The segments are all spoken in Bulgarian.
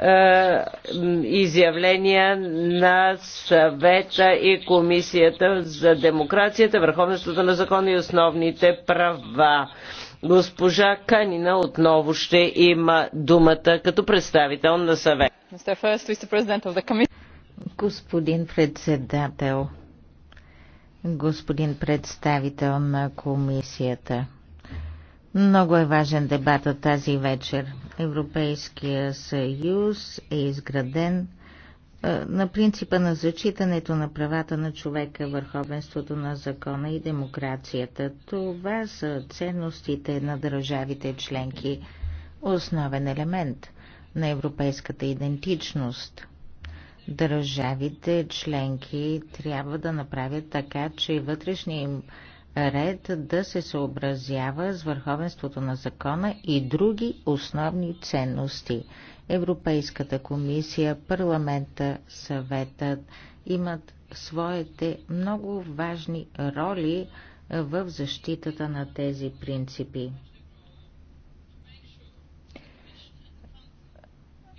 Е, изявления на съвета и комисията за демокрацията, върховенството на закона и основните права. Госпожа Канина отново ще има думата като представител на съвет. Господин председател, господин представител на комисията, много е важен дебат от тази вечер. Европейския съюз е изграден на принципа на зачитането на правата на човека, върховенството на закона и демокрацията. Това са ценностите на държавите членки, основен елемент на европейската идентичност. Държавите членки трябва да направят така, че вътрешния им ред да се съобразява с върховенството на закона и други основни ценности. Европейската комисия, парламента, съветът имат своите много важни роли в защитата на тези принципи.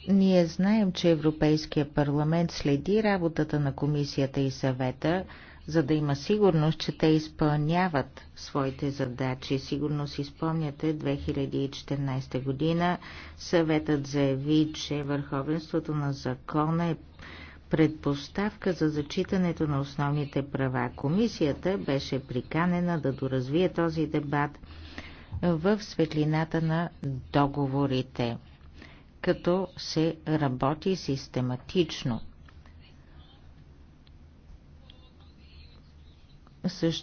Ние знаем, че Европейския парламент следи работата на комисията и съвета за да има сигурност, че те изпълняват своите задачи. Сигурно си спомняте, 2014 година съветът заяви, че върховенството на закона е предпоставка за зачитането на основните права. Комисията беше приканена да доразвие този дебат в светлината на договорите, като се работи систематично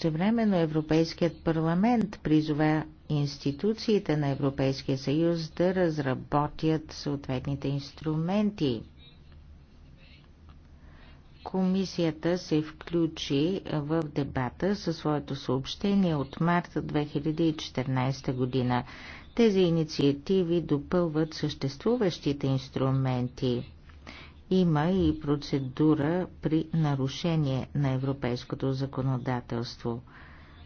времено Европейският парламент призова институциите на Европейския съюз да разработят съответните инструменти. Комисията се включи в дебата със своето съобщение от март 2014 година. Тези инициативи допълват съществуващите инструменти. Има и процедура при нарушение на европейското законодателство.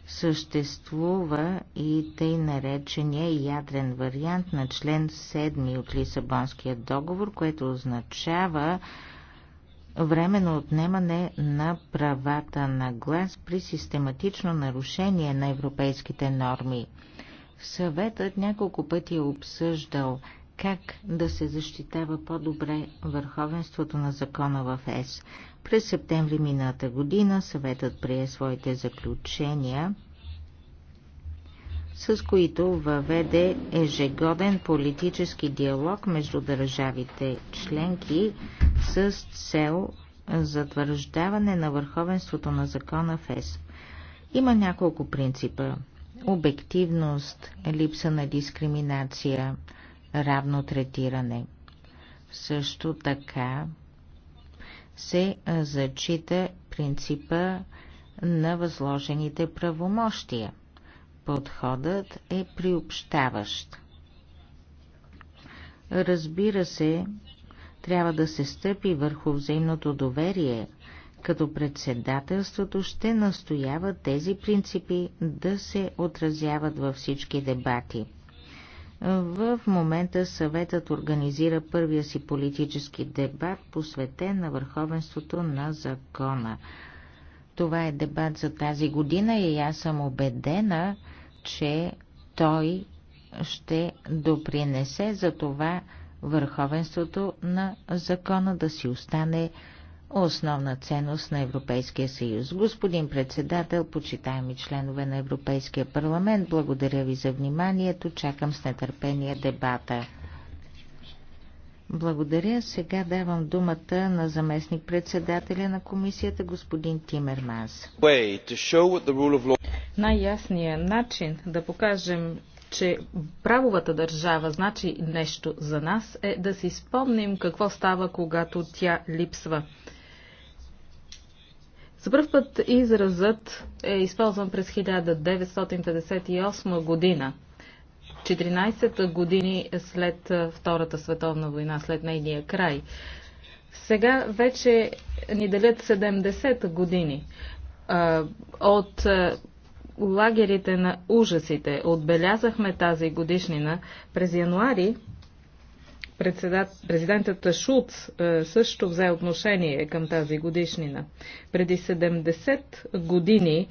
Съществува и тъй наречения ядрен вариант на член 7 от Лисабонския договор, което означава временно отнемане на правата на глас при систематично нарушение на европейските норми. Съветът няколко пъти е обсъждал как да се защитава по-добре върховенството на закона в ЕС. През септември мината година съветът прие своите заключения, с които въведе ежегоден политически диалог между държавите членки с цел затвърждаване на върховенството на закона в ЕС. Има няколко принципа. Обективност, липса на дискриминация – равно третиране. Също така се зачита принципа на възложените правомощия. Подходът е приобщаващ. Разбира се, трябва да се стъпи върху взаимното доверие, като председателството ще настоява тези принципи да се отразяват във всички дебати. В момента съветът организира първия си политически дебат, посветен на върховенството на закона. Това е дебат за тази година и аз съм убедена, че той ще допринесе за това върховенството на закона да си остане основна ценност на Европейския съюз. Господин председател, почитаеми членове на Европейския парламент, благодаря ви за вниманието. Чакам с нетърпение дебата. Благодаря. Сега давам думата на заместник председателя на комисията, господин Тимерманс. Най-ясният начин да покажем, че правовата държава значи нещо за нас е да си спомним какво става, когато тя липсва. За първ път изразът е използван през 1958 година. 14 години след Втората световна война, след нейния край. Сега вече ни делят 70 години а, от а, лагерите на ужасите. Отбелязахме тази годишнина. През януари Президентът Шулц е, също взе отношение към тази годишнина. Преди 70 години е,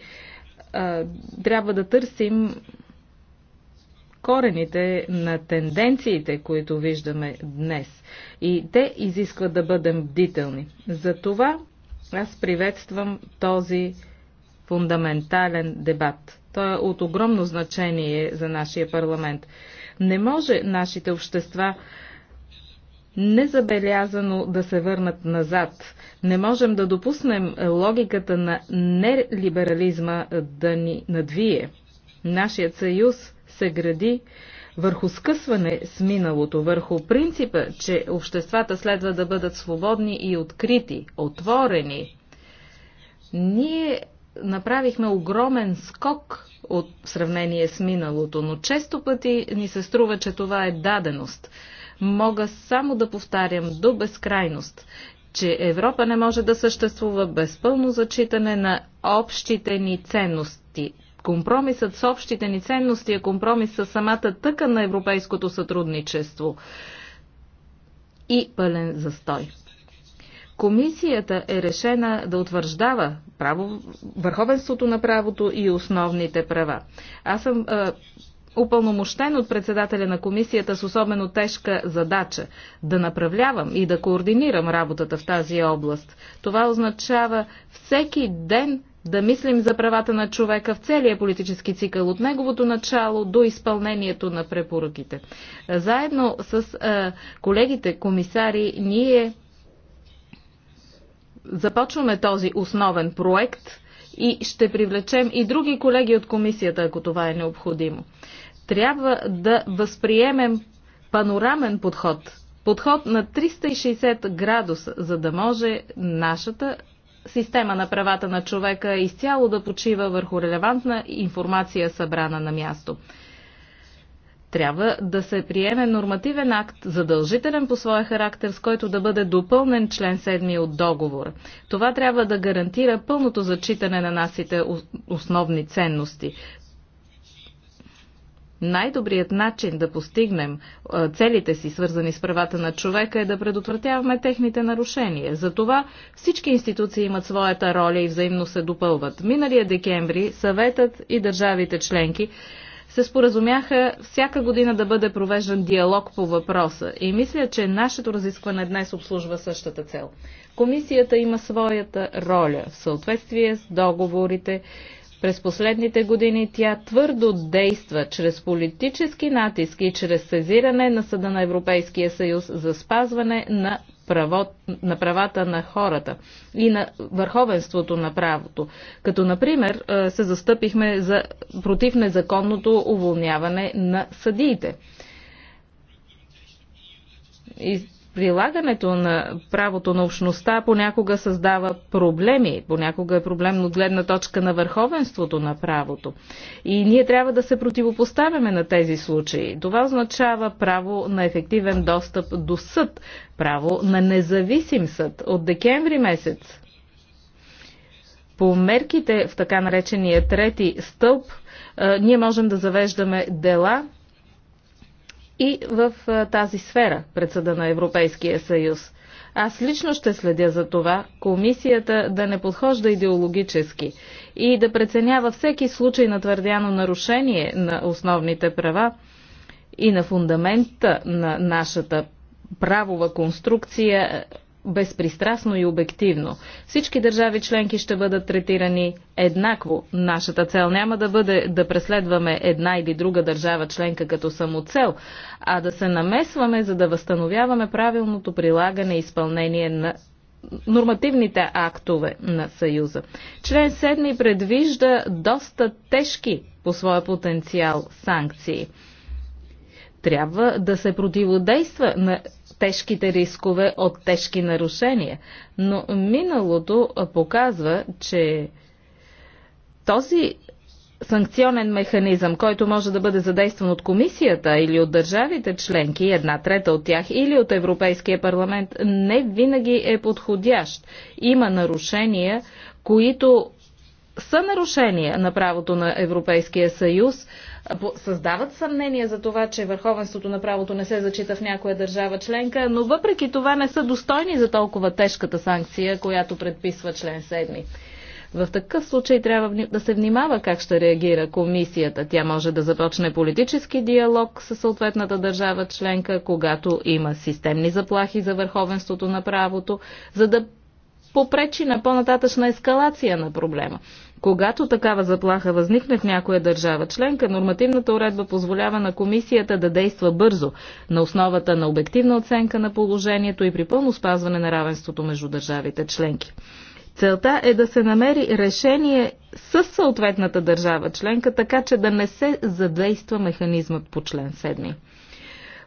трябва да търсим корените на тенденциите, които виждаме днес. И те изискват да бъдем бдителни. Затова аз приветствам този фундаментален дебат. Той е от огромно значение за нашия парламент. Не може нашите общества незабелязано да се върнат назад. Не можем да допуснем логиката на нелиберализма да ни надвие. Нашият съюз се гради върху скъсване с миналото, върху принципа, че обществата следва да бъдат свободни и открити, отворени. Ние направихме огромен скок от в сравнение с миналото, но често пъти ни се струва, че това е даденост. Мога само да повтарям до безкрайност, че Европа не може да съществува без пълно зачитане на общите ни ценности. Компромисът с общите ни ценности е компромис с самата тъка на европейското сътрудничество и пълен застой. Комисията е решена да утвърждава право, върховенството на правото и основните права. Аз съм упълномощен от председателя на комисията с особено тежка задача да направлявам и да координирам работата в тази област. Това означава всеки ден да мислим за правата на човека в целия политически цикъл, от неговото начало до изпълнението на препоръките. Заедно с е, колегите комисари ние започваме този основен проект – и ще привлечем и други колеги от комисията, ако това е необходимо. Трябва да възприемем панорамен подход, подход на 360 градуса, за да може нашата система на правата на човека изцяло да почива върху релевантна информация събрана на място. Трябва да се приеме нормативен акт, задължителен по своя характер, с който да бъде допълнен член 7 от договор. Това трябва да гарантира пълното зачитане на нашите основни ценности. Най-добрият начин да постигнем целите си, свързани с правата на човека, е да предотвратяваме техните нарушения. Затова всички институции имат своята роля и взаимно се допълват. Миналия декември съветът и държавите членки се споразумяха всяка година да бъде провеждан диалог по въпроса. И мисля, че нашето разискване днес обслужва същата цел. Комисията има своята роля в съответствие с договорите. През последните години тя твърдо действа чрез политически натиски и чрез сезиране на Съда на Европейския съюз за спазване на право, на правата на хората и на върховенството на правото. Като, например, се застъпихме за, против незаконното уволняване на съдиите. И прилагането на правото на общността понякога създава проблеми, понякога е проблемно от гледна точка на върховенството на правото. И ние трябва да се противопоставяме на тези случаи. Това означава право на ефективен достъп до съд, право на независим съд. От декември месец по мерките в така наречения трети стълб ние можем да завеждаме дела и в тази сфера пред съда на Европейския съюз. Аз лично ще следя за това комисията да не подхожда идеологически и да преценява всеки случай на твърдяно нарушение на основните права и на фундамента на нашата правова конструкция безпристрастно и обективно. Всички държави членки ще бъдат третирани еднакво. Нашата цел няма да бъде да преследваме една или друга държава членка като самоцел, а да се намесваме, за да възстановяваме правилното прилагане и изпълнение на нормативните актове на Съюза. Член 7 предвижда доста тежки по своя потенциал санкции. Трябва да се противодейства на тежките рискове от тежки нарушения. Но миналото показва, че този санкционен механизъм, който може да бъде задействан от комисията или от държавите членки, една трета от тях, или от Европейския парламент, не винаги е подходящ. Има нарушения, които са нарушения на правото на Европейския съюз, създават съмнения за това, че върховенството на правото не се зачита в някоя държава членка, но въпреки това не са достойни за толкова тежката санкция, която предписва член 7. В такъв случай трябва да се внимава как ще реагира комисията. Тя може да започне политически диалог с съответната държава членка, когато има системни заплахи за върховенството на правото, за да попречи на по-нататъчна ескалация на проблема. Когато такава заплаха възникне в някоя държава членка, нормативната уредба позволява на комисията да действа бързо, на основата на обективна оценка на положението и при пълно спазване на равенството между държавите членки. Целта е да се намери решение с съответната държава членка, така че да не се задейства механизмът по член 7.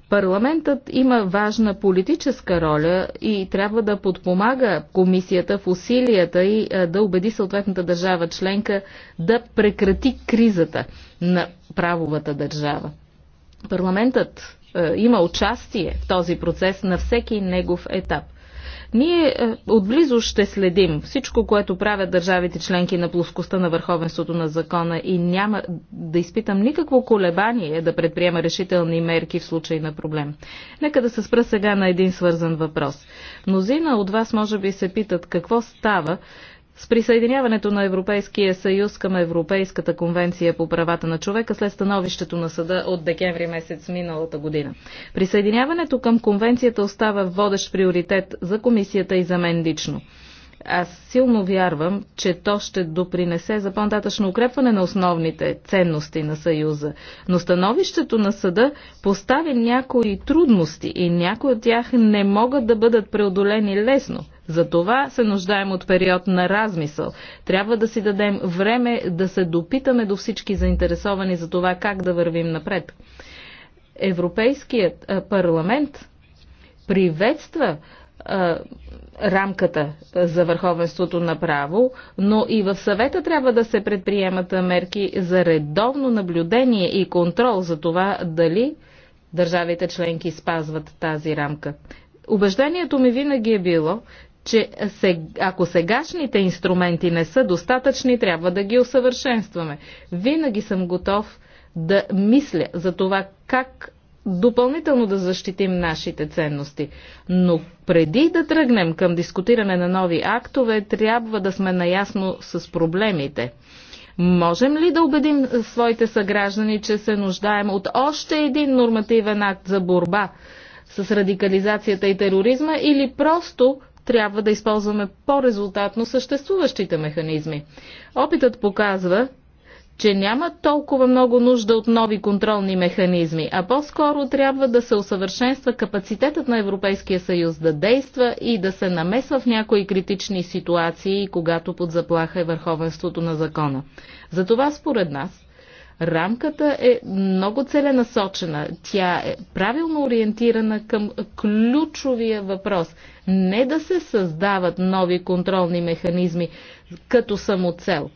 Парламентът има важна политическа роля и трябва да подпомага комисията в усилията и да убеди съответната държава членка да прекрати кризата на правовата държава. Парламентът има участие в този процес на всеки негов етап – ние е, отблизо ще следим всичко, което правят държавите членки на плоскостта на върховенството на закона и няма да изпитам никакво колебание да предприема решителни мерки в случай на проблем. Нека да се спра сега на един свързан въпрос. Мнозина от вас може би се питат какво става, с присъединяването на Европейския съюз към Европейската конвенция по правата на човека след становището на съда от декември месец миналата година. Присъединяването към конвенцията остава водещ приоритет за комисията и за мен лично. Аз силно вярвам, че то ще допринесе за по-нататъчно укрепване на основните ценности на Съюза. Но становището на съда постави някои трудности и някои от тях не могат да бъдат преодолени лесно. За това се нуждаем от период на размисъл. Трябва да си дадем време да се допитаме до всички заинтересовани за това как да вървим напред. Европейският парламент приветства рамката за върховенството на право, но и в съвета трябва да се предприемат мерки за редовно наблюдение и контрол за това дали държавите членки спазват тази рамка. Убеждението ми винаги е било, че ако сегашните инструменти не са достатъчни, трябва да ги усъвършенстваме. Винаги съм готов да мисля за това как допълнително да защитим нашите ценности. Но преди да тръгнем към дискутиране на нови актове, трябва да сме наясно с проблемите. Можем ли да убедим своите съграждани, че се нуждаем от още един нормативен акт за борба с радикализацията и тероризма или просто трябва да използваме по-резултатно съществуващите механизми. Опитът показва, че няма толкова много нужда от нови контролни механизми, а по-скоро трябва да се усъвършенства капацитетът на Европейския съюз да действа и да се намесва в някои критични ситуации, когато под заплаха е върховенството на закона. Затова според нас Рамката е много целенасочена. Тя е правилно ориентирана към ключовия въпрос. Не да се създават нови контролни механизми като самоцел.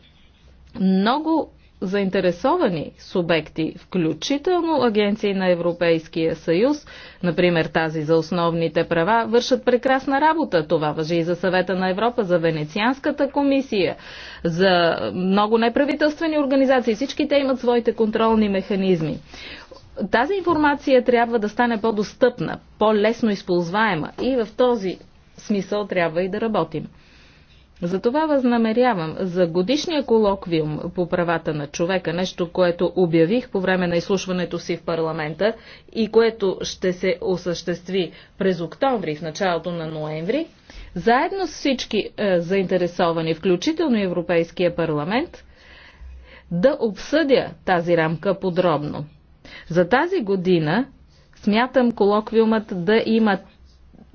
Много заинтересовани субекти, включително агенции на Европейския съюз, например тази за основните права, вършат прекрасна работа. Това въжи и за съвета на Европа, за Венецианската комисия, за много неправителствени организации. Всички те имат своите контролни механизми. Тази информация трябва да стане по-достъпна, по-лесно използваема и в този смисъл трябва и да работим. Затова възнамерявам за годишния колоквиум по правата на човека, нещо, което обявих по време на изслушването си в парламента и което ще се осъществи през октомври, в началото на ноември, заедно с всички е, заинтересовани, включително Европейския парламент, да обсъдя тази рамка подробно. За тази година смятам колоквиумът да има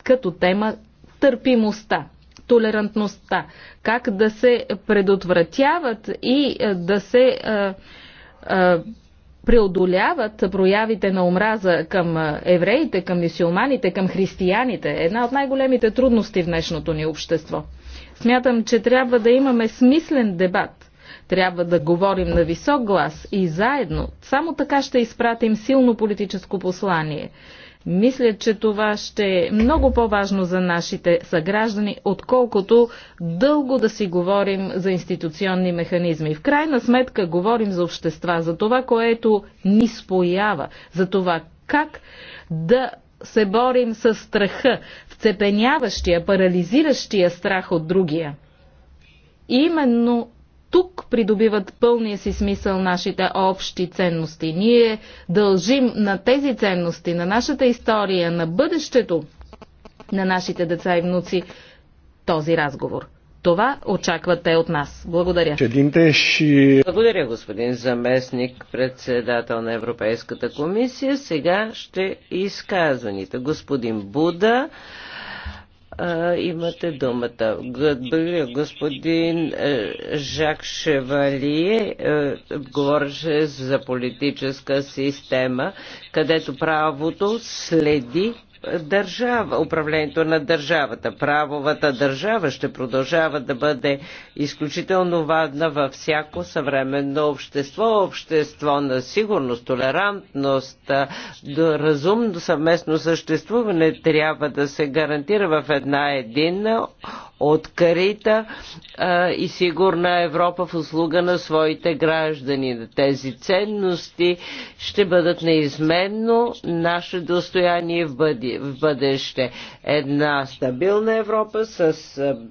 като тема търпимостта толерантността, как да се предотвратяват и е, да се е, е, преодоляват проявите на омраза към евреите, към мисиоманите, към християните. Една от най-големите трудности в днешното ни общество. Смятам, че трябва да имаме смислен дебат. Трябва да говорим на висок глас и заедно. Само така ще изпратим силно политическо послание. Мисля, че това ще е много по-важно за нашите съграждани, отколкото дълго да си говорим за институционни механизми. В крайна сметка говорим за общества, за това, което ни споява, за това как да се борим с страха, вцепеняващия, парализиращия страх от другия. Именно тук придобиват пълния си смисъл нашите общи ценности. Ние дължим на тези ценности, на нашата история, на бъдещето на нашите деца и внуци този разговор. Това очакват те от нас. Благодаря. Благодаря, господин заместник, председател на Европейската комисия. Сега ще изказаните. Господин Буда, а, имате думата. Благодаря, господин е, Жак Шевали е, говореше за политическа система, където правото следи държава, управлението на държавата. Правовата държава ще продължава да бъде изключително важна във всяко съвременно общество, общество на сигурност, толерантност, разумно съвместно съществуване трябва да се гарантира в една единна открита а, и сигурна Европа в услуга на своите граждани. Тези ценности ще бъдат неизменно наше достояние в бъде, в бъдеще. Една стабилна Европа с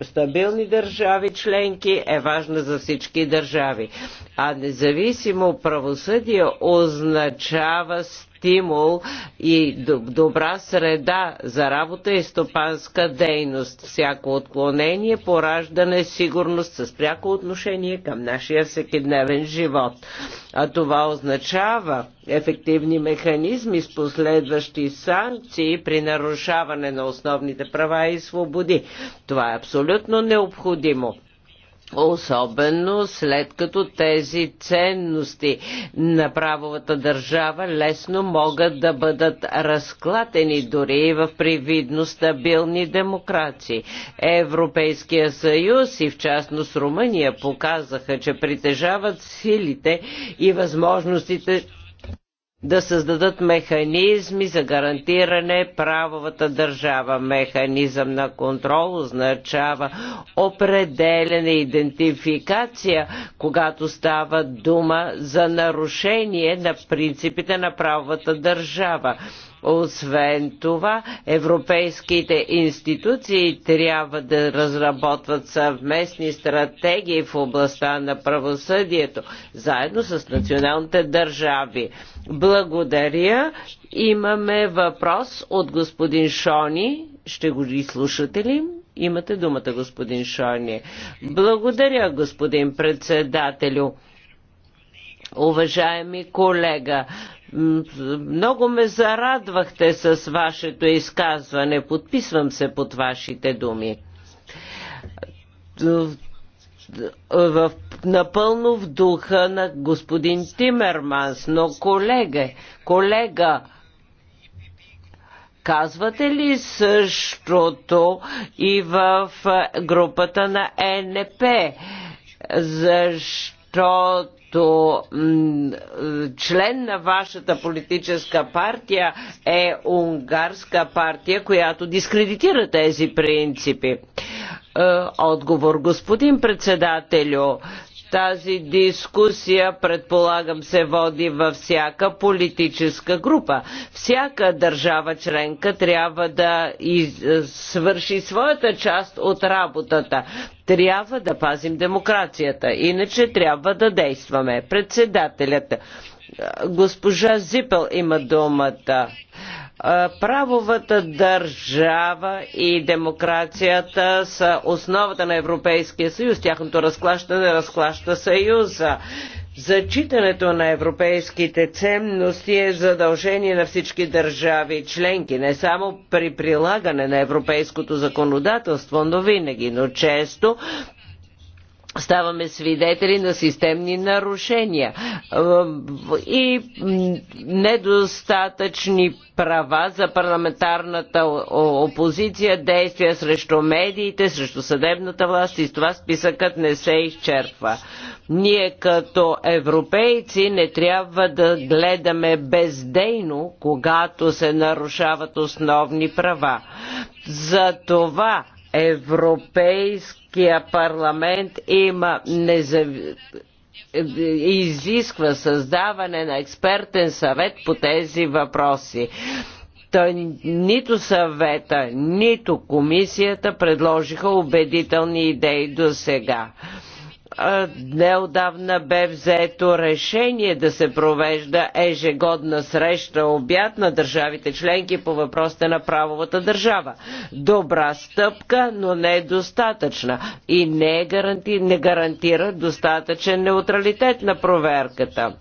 стабилни държави членки е важна за всички държави. А независимо правосъдие означава стимул и добра среда за работа и стопанска дейност. Всяко отклонение поражда несигурност с пряко отношение към нашия всекидневен живот. А това означава ефективни механизми с последващи санкции при нарушаване на основните права и свободи. Това е абсолютно необходимо. Особено след като тези ценности на правовата държава лесно могат да бъдат разклатени дори и в привидно стабилни демокрации. Европейския съюз и в частност Румъния показаха, че притежават силите и възможностите да създадат механизми за гарантиране правовата държава. Механизъм на контрол означава определена идентификация, когато става дума за нарушение на принципите на правовата държава. Освен това, европейските институции трябва да разработват съвместни стратегии в областта на правосъдието, заедно с националните държави. Благодаря. Имаме въпрос от господин Шони. Ще го изслушате ли? Имате думата, господин Шони. Благодаря, господин председателю. Уважаеми колега, много ме зарадвахте с вашето изказване. Подписвам се под вашите думи в, напълно в духа на господин Тимерманс, но колега, колега, казвате ли същото и в групата на НП? Защото като е, член на вашата политическа партия е унгарска партия, която дискредитира тези принципи. Е, отговор, господин председателю, тази дискусия, предполагам, се води във всяка политическа група. Всяка държава членка трябва да из... свърши своята част от работата. Трябва да пазим демокрацията, иначе трябва да действаме. Председателят. Госпожа Зипел има думата. Правовата държава и демокрацията са основата на Европейския съюз. Тяхното разклащане разклаща съюза. Зачитането на европейските ценности е задължение на всички държави членки, не само при прилагане на европейското законодателство, но винаги, но често ставаме свидетели на системни нарушения е, и недостатъчни права за парламентарната опозиция, действия срещу медиите, срещу съдебната власт и с това списъкът не се изчерпва. Ние като европейци не трябва да гледаме бездейно, когато се нарушават основни права. За това Европейския парламент има незави... изисква създаване на експертен съвет по тези въпроси. Та нито съвета, нито комисията предложиха убедителни идеи до сега неодавна бе взето решение да се провежда ежегодна среща обяд на държавите членки по въпросите на правовата държава. Добра стъпка, но не е достатъчна и не, е гаранти... не гарантира достатъчен неутралитет на проверката.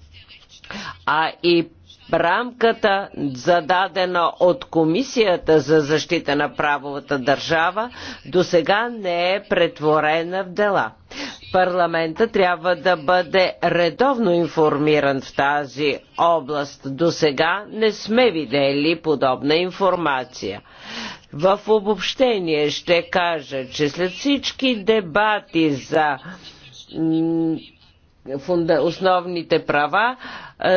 А и рамката, зададена от Комисията за защита на правовата държава, до сега не е претворена в дела. Парламента трябва да бъде редовно информиран в тази област. До сега не сме видели подобна информация. В обобщение ще кажа, че след всички дебати за основните права,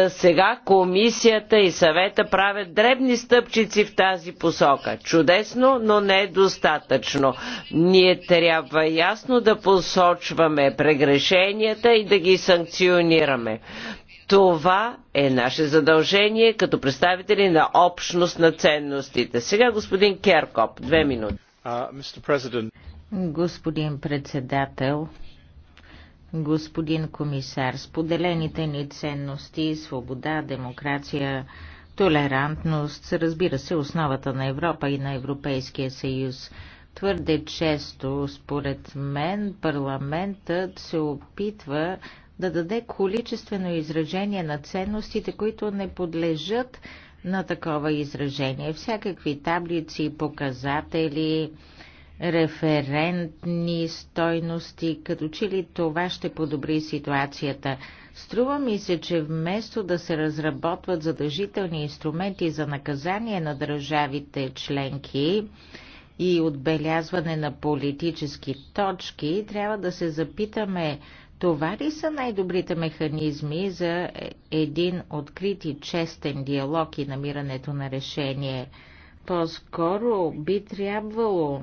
сега комисията и съвета правят дребни стъпчици в тази посока. Чудесно, но не е достатъчно. Ние трябва ясно да посочваме прегрешенията и да ги санкционираме. Това е наше задължение като представители на общност на ценностите. Сега господин Керкоп, две минути. господин председател, господин комисар. Споделените ни ценности, свобода, демокрация, толерантност са, разбира се, основата на Европа и на Европейския съюз. Твърде често, според мен, парламентът се опитва да даде количествено изражение на ценностите, които не подлежат на такова изражение. Всякакви таблици, показатели, референтни стойности, като че ли това ще подобри ситуацията. Струва ми се, че вместо да се разработват задължителни инструменти за наказание на държавите членки и отбелязване на политически точки, трябва да се запитаме това ли са най-добрите механизми за един открит и честен диалог и намирането на решение? По-скоро би трябвало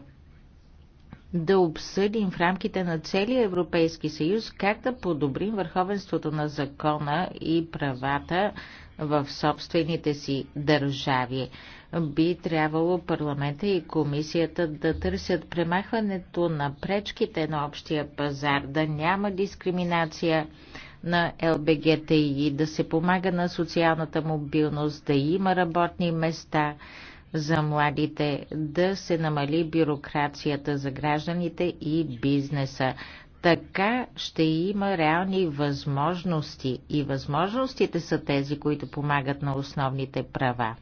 да обсъдим в рамките на целия Европейски съюз как да подобрим върховенството на закона и правата в собствените си държави. Би трябвало парламента и комисията да търсят премахването на пречките на общия пазар, да няма дискриминация на ЛБГТИ, да се помага на социалната мобилност, да има работни места, за младите, да се намали бюрокрацията за гражданите и бизнеса. Така ще има реални възможности и възможностите са тези, които помагат на основните права.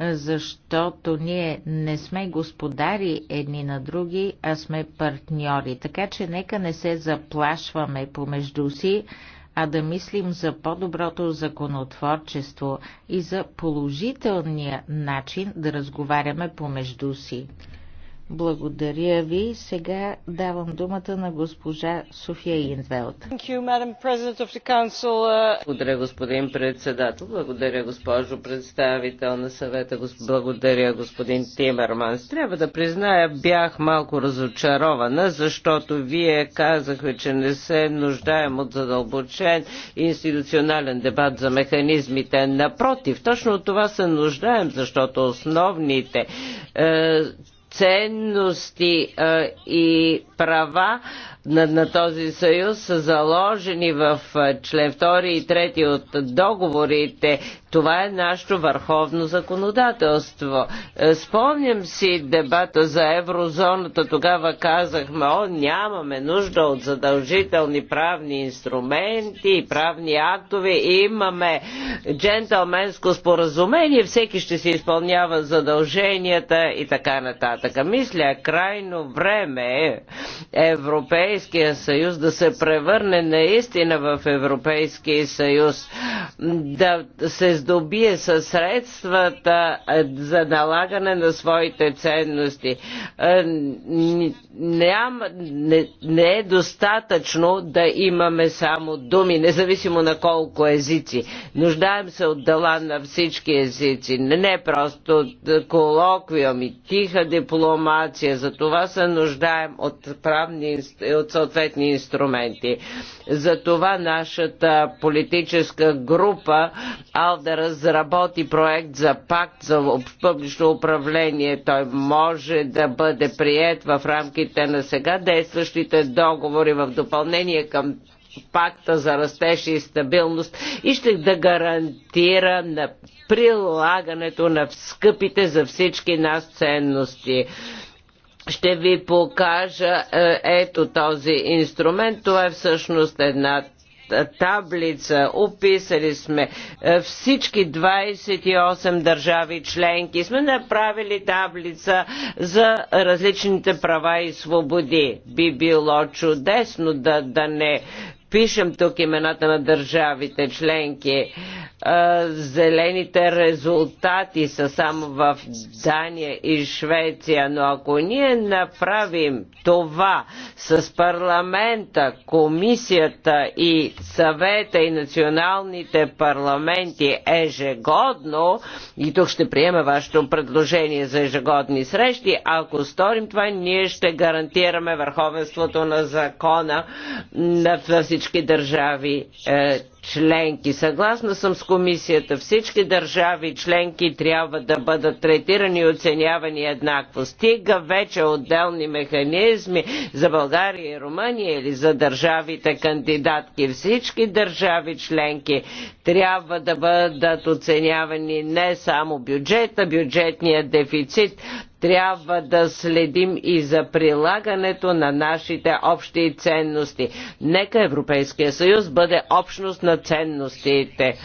Защото ние не сме господари едни на други, а сме партньори. Така че нека не се заплашваме помежду си, а да мислим за по-доброто законотворчество и за положителния начин да разговаряме помежду си. Благодаря ви. Сега давам думата на госпожа София Инвелт. Uh, Благодаря, господин председател. Благодаря, госпожо представител на съвета. Благодаря, господин Тимерманс. Трябва да призная, бях малко разочарована, защото вие казахме, че не се нуждаем от задълбочен институционален дебат за механизмите. Напротив, точно от това се нуждаем, защото основните е, ценности а, и права на, на този съюз са заложени в член 2 и 3 от договорите, това е нашето върховно законодателство. Е, спомням си дебата за еврозоната. Тогава казахме, о, нямаме нужда от задължителни правни инструменти и правни актове. Имаме джентълменско споразумение. Всеки ще си изпълнява задълженията и така нататък. Мисля, крайно време е Европейския съюз да се превърне наистина в Европейския съюз. Да се здобие със средствата е, за налагане на своите ценности. Е, Ням, не, не е достатъчно да имаме само думи, независимо на колко езици. Нуждаем се от дела на всички езици. Не просто колоквиуми, тиха дипломация. За това се нуждаем от, правни, от съответни инструменти. За това нашата политическа група Алда да разработи проект за пакт за публично управление. Той може да бъде прият в рамките на сега действащите договори в допълнение към пакта за растеж и стабилност и ще да гарантира на прилагането на скъпите за всички нас ценности. Ще ви покажа е, ето този инструмент. Това е всъщност една таблица. Описали сме е, всички 28 държави членки. Сме направили таблица за различните права и свободи. Би било чудесно да, да не Пишем тук имената на държавите членки. Зелените резултати са само в Дания и Швеция, но ако ние направим това с парламента, комисията и съвета и националните парламенти ежегодно, и тук ще приема вашето предложение за ежегодни срещи, ако сторим това, ние ще гарантираме върховенството на закона на всички всички държави е, членки. Съгласна съм с комисията. Всички държави членки трябва да бъдат третирани и оценявани еднакво. Стига вече отделни механизми за България и Румъния или за държавите кандидатки. Всички държави членки трябва да бъдат оценявани не само бюджета, бюджетния дефицит, трябва да следим и за прилагането на нашите общи ценности. Нека Европейския съюз бъде общност на ценностите.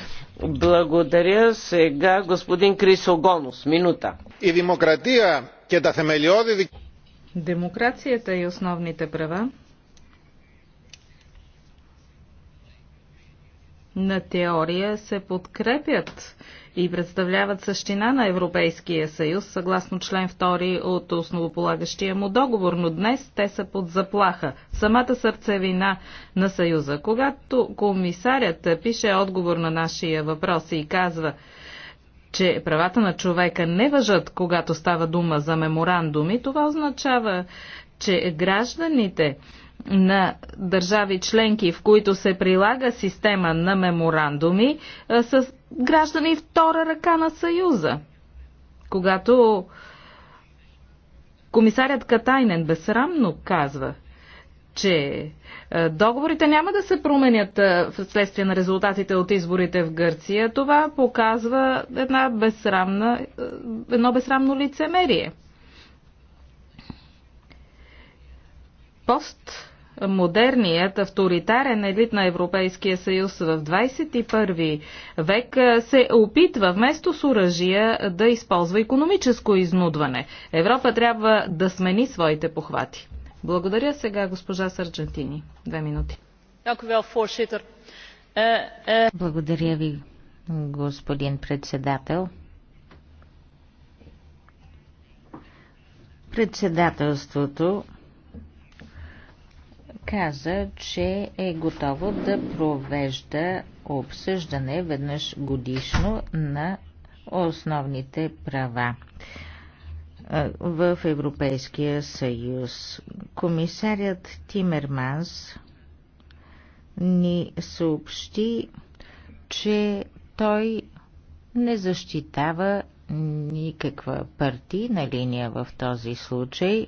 Благодаря сега господин Крисогонос. Минута. И демократия και τα θεμελιώδη... Демокрацията и основните права на теория се подкрепят и представляват същина на Европейския съюз, съгласно член 2 от основополагащия му договор, но днес те са под заплаха. Самата сърцевина на съюза. Когато комисарят пише отговор на нашия въпрос и казва, че правата на човека не въжат, когато става дума за меморандуми, това означава, че гражданите на държави членки, в които се прилага система на меморандуми, са граждани втора ръка на Съюза. Когато комисарят Катайнен безсрамно казва, че е, договорите няма да се променят е, вследствие на резултатите от изборите в Гърция. Това показва една безсрамна, е, едно безсрамно лицемерие. Пост модерният авторитарен елит на Европейския съюз в 21 век се опитва вместо с оръжия да използва економическо изнудване. Европа трябва да смени своите похвати. Благодаря сега госпожа Сърджантини. Две минути. Eh, eh, Благодаря ви, господин председател. Председателството каза, че е готово да провежда обсъждане веднъж годишно на основните права. Е, в Европейския съюз. Комисарят Тимерманс ни съобщи, че той не защитава никаква партийна линия в този случай.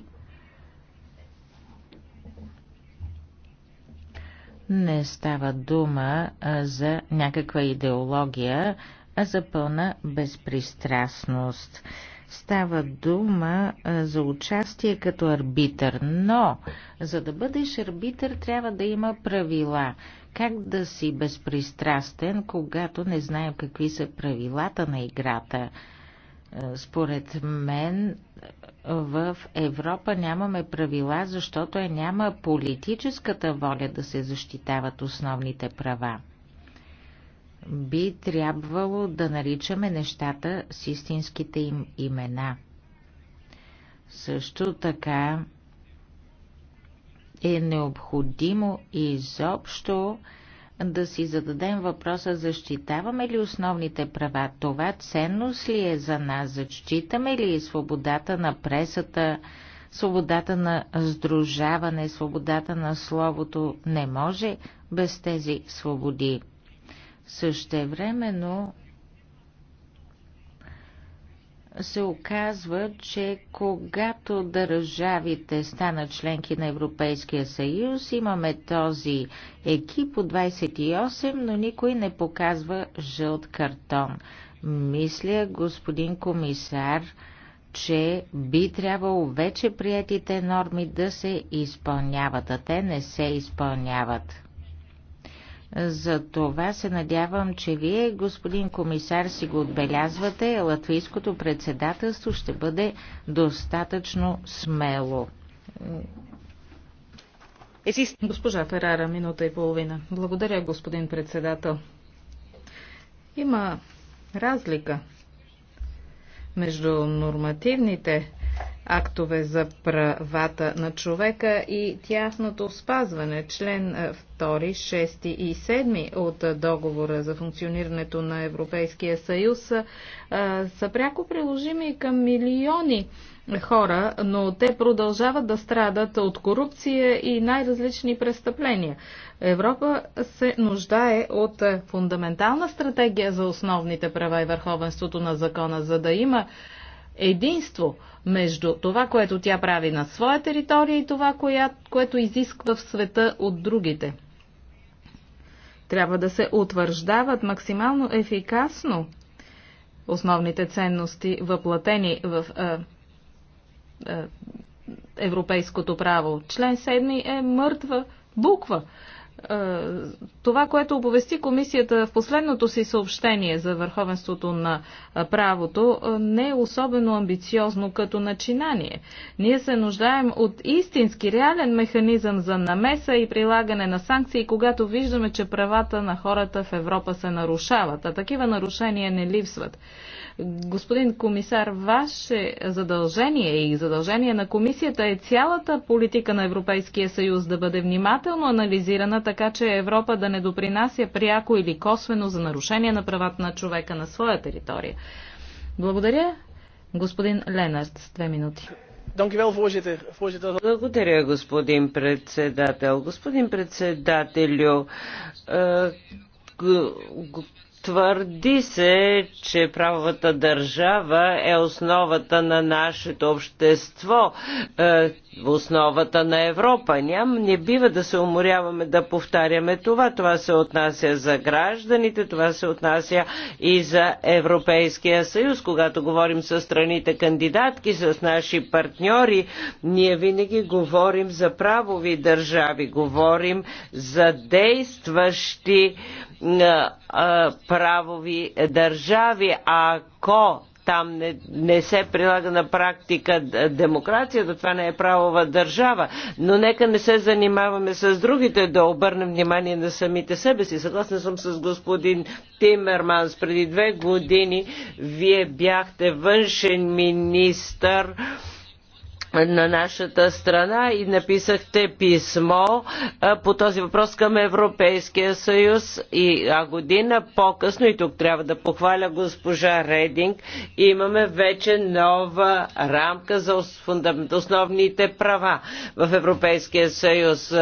Не става дума за някаква идеология, а за пълна безпристрастност. Става дума за участие като арбитър, но за да бъдеш арбитър трябва да има правила. Как да си безпристрастен, когато не знаем какви са правилата на играта? Според мен в Европа нямаме правила, защото е няма политическата воля да се защитават основните права би трябвало да наричаме нещата с истинските им имена. Също така е необходимо изобщо да си зададем въпроса, защитаваме ли основните права, това ценност ли е за нас, зачитаме ли свободата на пресата, свободата на сдружаване, свободата на словото, не може без тези свободи. Същевременно се оказва, че когато държавите станат членки на Европейския съюз, имаме този екип от 28, но никой не показва жълт картон. Мисля, господин комисар, че би трябвало вече приятите норми да се изпълняват, а те не се изпълняват. За това се надявам, че вие, господин комисар, си го отбелязвате. Латвийското председателство ще бъде достатъчно смело. Госпожа Ферара, минута и половина. Благодаря, господин председател. Има разлика между нормативните актове за правата на човека и тяхното спазване. Член 2, е, 6 и 7 от е, договора за функционирането на Европейския съюз е, са пряко приложими към милиони хора, но те продължават да страдат от корупция и най-различни престъпления. Европа се нуждае от фундаментална стратегия за основните права и върховенството на закона, за да има единство между това, което тя прави на своя територия и това, коя, което изисква в света от другите. Трябва да се утвърждават максимално ефикасно основните ценности, въплатени в е, е, европейското право. Член 7 е мъртва буква. Е, това, което оповести комисията в последното си съобщение за върховенството на е, правото, е, не е особено амбициозно като начинание. Ние се нуждаем от истински реален механизъм за намеса и прилагане на санкции, когато виждаме, че правата на хората в Европа се нарушават, а такива нарушения не липсват. Господин комисар, ваше задължение и задължение на комисията е цялата политика на Европейския съюз да бъде внимателно анализирана, така че Европа да не допринася пряко или косвено за нарушение на правата на човека на своя територия. Благодаря, господин Ленард, с две минути. Благодаря, господин председател. Господин председателю, е, Твърди се, че правовата държава е основата на нашето общество, е, основата на Европа. Ням, не бива да се уморяваме да повтаряме това. Това се отнася за гражданите, това се отнася и за Европейския съюз. Когато говорим с страните кандидатки, с наши партньори, ние винаги говорим за правови държави, говорим за действащи правови държави. Ако там не, не се прилага на практика демокрацията, това не е правова държава. Но нека не се занимаваме с другите, да обърнем внимание на самите себе си. Съгласна съм с господин Тимерманс. Преди две години вие бяхте външен министър на нашата страна и написахте писмо по този въпрос към Европейския съюз и а година по-късно, и тук трябва да похваля госпожа Рединг, имаме вече нова рамка за основните права в Европейския съюз.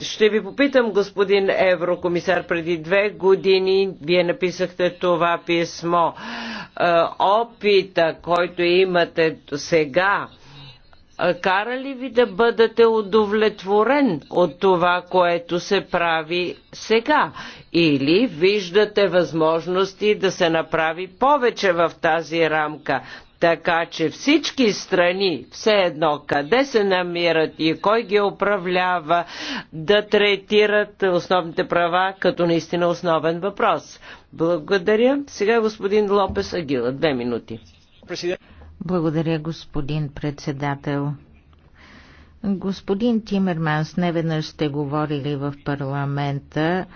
Ще ви попитам, господин еврокомисар, преди две години вие написахте това писмо. Опита, който имате сега, кара ли ви да бъдете удовлетворен от това, което се прави сега? Или виждате възможности да се направи повече в тази рамка? Така че всички страни, все едно къде се намират и кой ги управлява, да третират основните права като наистина основен въпрос. Благодаря. Сега господин Лопес Агила. Две минути. Президент. Благодаря, господин председател. Господин Тимерманс, неведнъж сте говорили в парламента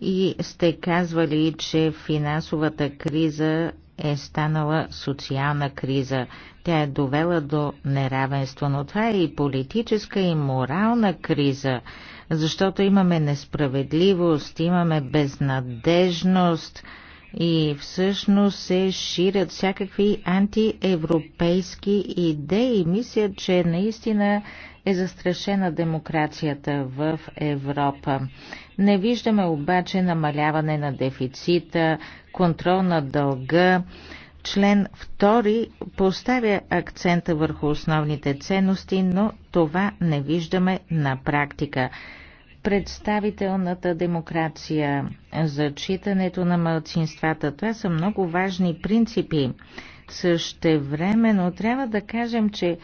и сте казвали, че финансовата криза е станала социална криза. Тя е довела до неравенство, но това е и политическа и морална криза, защото имаме несправедливост, имаме безнадежност – и всъщност се ширят всякакви антиевропейски идеи. Мисля, че наистина е застрашена демокрацията в Европа. Не виждаме обаче намаляване на дефицита, контрол на дълга. Член 2 поставя акцента върху основните ценности, но това не виждаме на практика представителната демокрация, зачитането на мълцинствата. Това са много важни принципи. Същевременно трябва да кажем, че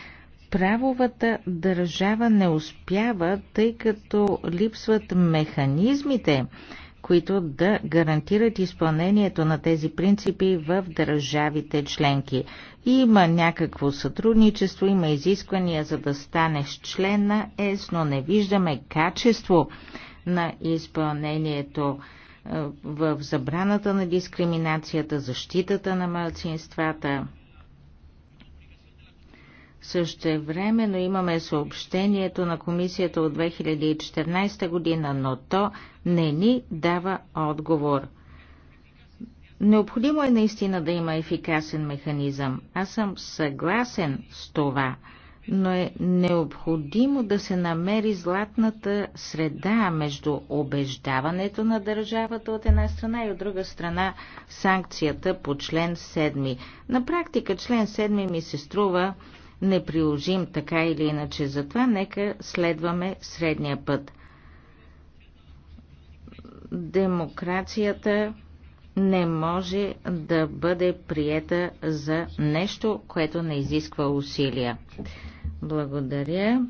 правовата държава не успява, тъй като липсват механизмите които да гарантират изпълнението на тези принципи в държавите членки. Има някакво сътрудничество, има изисквания за да станеш член на ЕС, но не виждаме качество на изпълнението е, в забраната на дискриминацията, защитата на малцинствата но имаме съобщението на комисията от 2014 година, но то не ни дава отговор. Необходимо е наистина да има ефикасен механизъм. Аз съм съгласен с това, но е необходимо да се намери златната среда между обеждаването на държавата от една страна и от друга страна санкцията по член 7. На практика член 7 ми се струва неприложим така или иначе. Затова нека следваме средния път. Демокрацията не може да бъде приета за нещо, което не изисква усилия. Благодаря.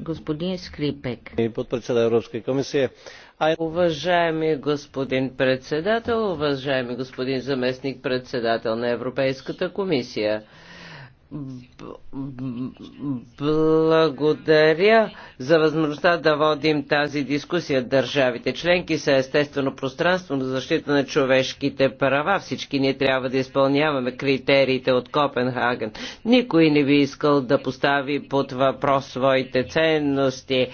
Господин Скрипек. Подпредседател Европска комисия. А... Уважаеми господин председател, уважаеми господин заместник председател на Европейската комисия. Благодаря за възможността да водим тази дискусия. Държавите членки са естествено пространство на защита на човешките права. Всички ние трябва да изпълняваме критериите от Копенхаген. Никой не би искал да постави под въпрос своите ценности.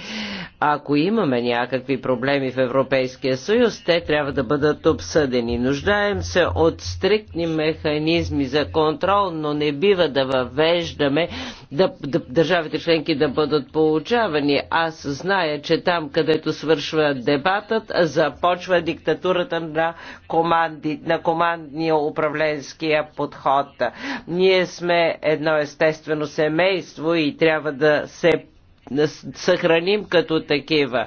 Ако имаме някакви проблеми в Европейския съюз, те трябва да бъдат обсъдени. Нуждаем се от стриктни механизми за контрол, но не бива да във въвеждаме, да, да, държавите членки да бъдат получавани. Аз зная, че там, където свършва дебатът, започва диктатурата на, команди, на командния управленския подход. Ние сме едно естествено семейство и трябва да се съхраним като такива.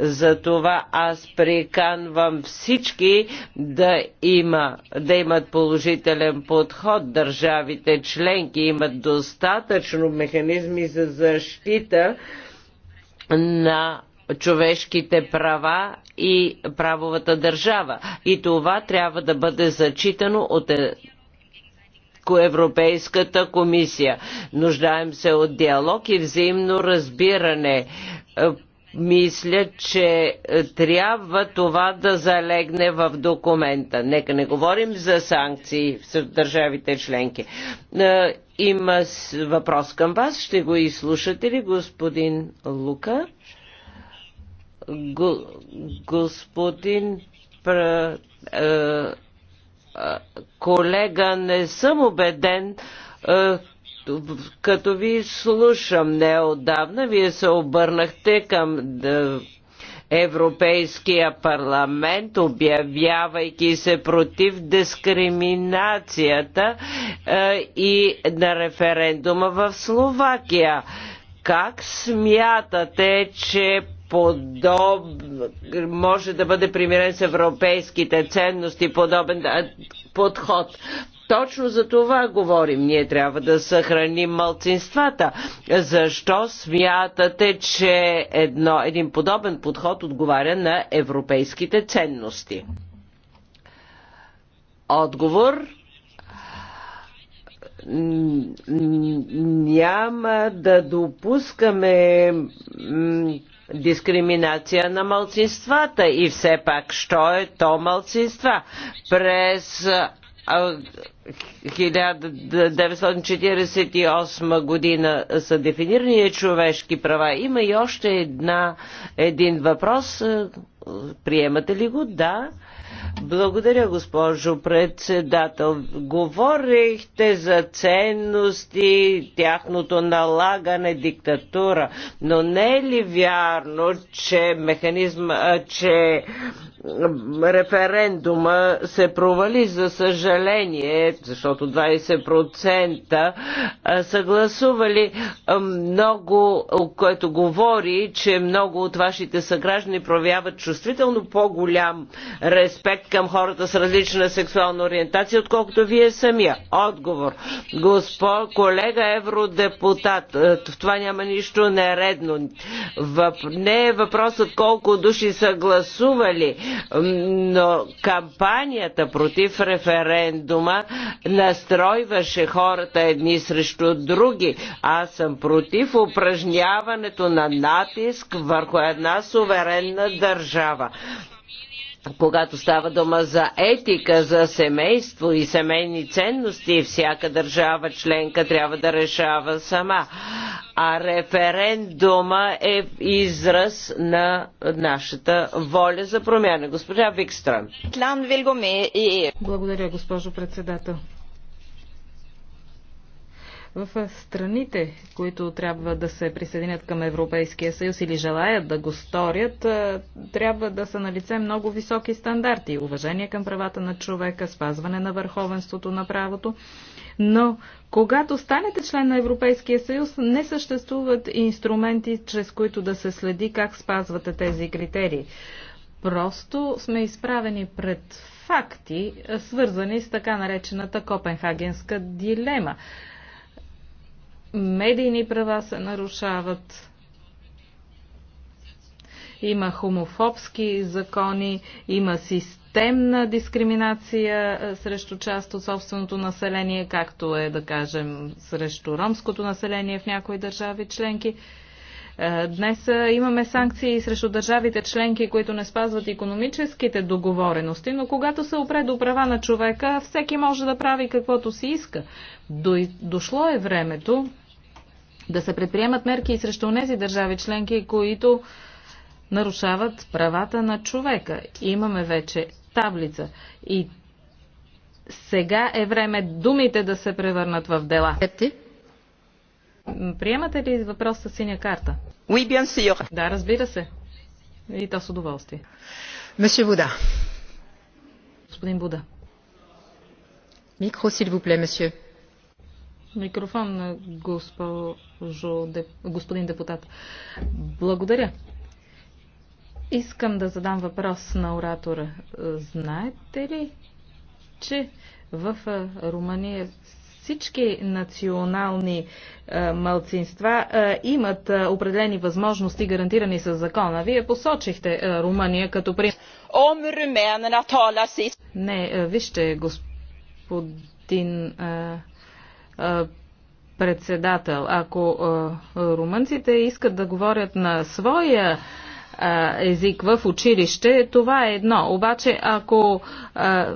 Затова аз приканвам всички да, има, да имат положителен подход. Държавите членки имат достатъчно механизми за защита на човешките права и правовата държава. И това трябва да бъде зачитано от Европейската комисия. Нуждаем се от диалог и взаимно разбиране е, мисля, че е, трябва това да залегне в документа. Нека не говорим за санкции в държавите членки. Е, има въпрос към вас. Ще го изслушате ли, господин Лука? Го, господин е, колега, не съм убеден, е, като ви слушам неодавна, вие се обърнахте към е, Европейския парламент, обявявайки се против дискриминацията е, и на референдума в Словакия. Как смятате, че подоб... може да бъде примирен с европейските ценности, подобен подход. Точно за това говорим. Ние трябва да съхраним малцинствата. Защо смятате, че едно, един подобен подход отговаря на европейските ценности? Отговор няма да допускаме дискриминация на малцинствата и все пак, що е то малцинства? През 1948 година са дефинирани човешки права. Има и още една, един въпрос. Е, приемате ли го? Да. Благодаря, госпожо председател. Говорихте за ценности, тяхното налагане, диктатура, но не е ли вярно, че механизм, че референдума се провали за съжаление, защото 20% са гласували много, което говори, че много от вашите съграждани проявяват чувствително по-голям респект респект към хората с различна сексуална ориентация, отколкото вие самия. Отговор. Госпо, колега евродепутат, е, в това няма нищо нередно. Въп... Не е въпросът колко души са гласували, но кампанията против референдума настройваше хората едни срещу други. Аз съм против упражняването на натиск върху една суверенна държава когато става дума за етика, за семейство и семейни ценности, всяка държава членка трябва да решава сама. А референдума е израз на нашата воля за промяна. Госпожа Викстран. Благодаря, госпожо председател. В страните, които трябва да се присъединят към Европейския съюз или желаят да го сторят, трябва да са на лице много високи стандарти. Уважение към правата на човека, спазване на върховенството на правото. Но когато станете член на Европейския съюз, не съществуват инструменти, чрез които да се следи как спазвате тези критерии. Просто сме изправени пред факти, свързани с така наречената Копенхагенска дилема медийни права се нарушават. Има хомофобски закони, има системна дискриминация е, срещу част от собственото население, както е, да кажем, срещу ромското население в някои държави членки. Е, днес е, имаме санкции срещу държавите членки, които не спазват економическите договорености, но когато се опре до права на човека, всеки може да прави каквото си иска. Дошло е времето да се предприемат мерки и срещу тези държави членки, които нарушават правата на човека. Имаме вече таблица и сега е време думите да се превърнат в дела. Приемате ли въпрос с синя карта? Oui, bien sûr. Да, разбира се. И то с удоволствие. Месье Буда. Господин Буда. Микро, сил vous plaît, Микрофон на госпожо, господин депутат. Благодаря. Искам да задам въпрос на оратора. Знаете ли, че в Румъния всички национални а, имат определени възможности, гарантирани с закона. Вие посочихте Румъния като пример. Не, вижте, господин председател. Ако румънците искат да говорят на своя език в училище, това е едно. Обаче, ако а,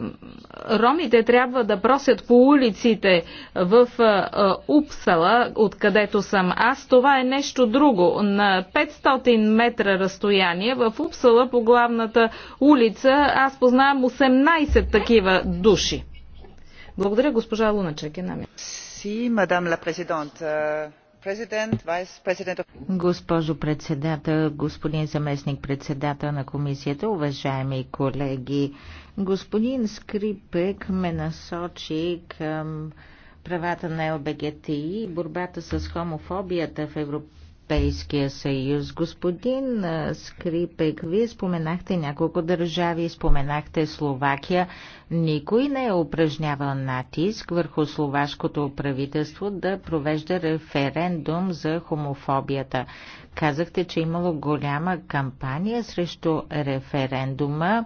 ромите трябва да просят по улиците в а, Упсала, откъдето съм аз, това е нещо друго. На 500 метра разстояние в Упсала по главната улица аз познавам 18 такива души. Благодаря, госпожа Луначек. е минута. Е, Госпожо председател, господин заместник председател на комисията, уважаеми колеги, господин Скрипек ме насочи към правата на ЛБГТИ и борбата с хомофобията в Европейския Европейския съюз. Господин Скрипек, вие споменахте няколко държави, споменахте Словакия. Никой не е упражнявал натиск върху словашкото правителство да провежда референдум за хомофобията. Казахте, че имало голяма кампания срещу референдума,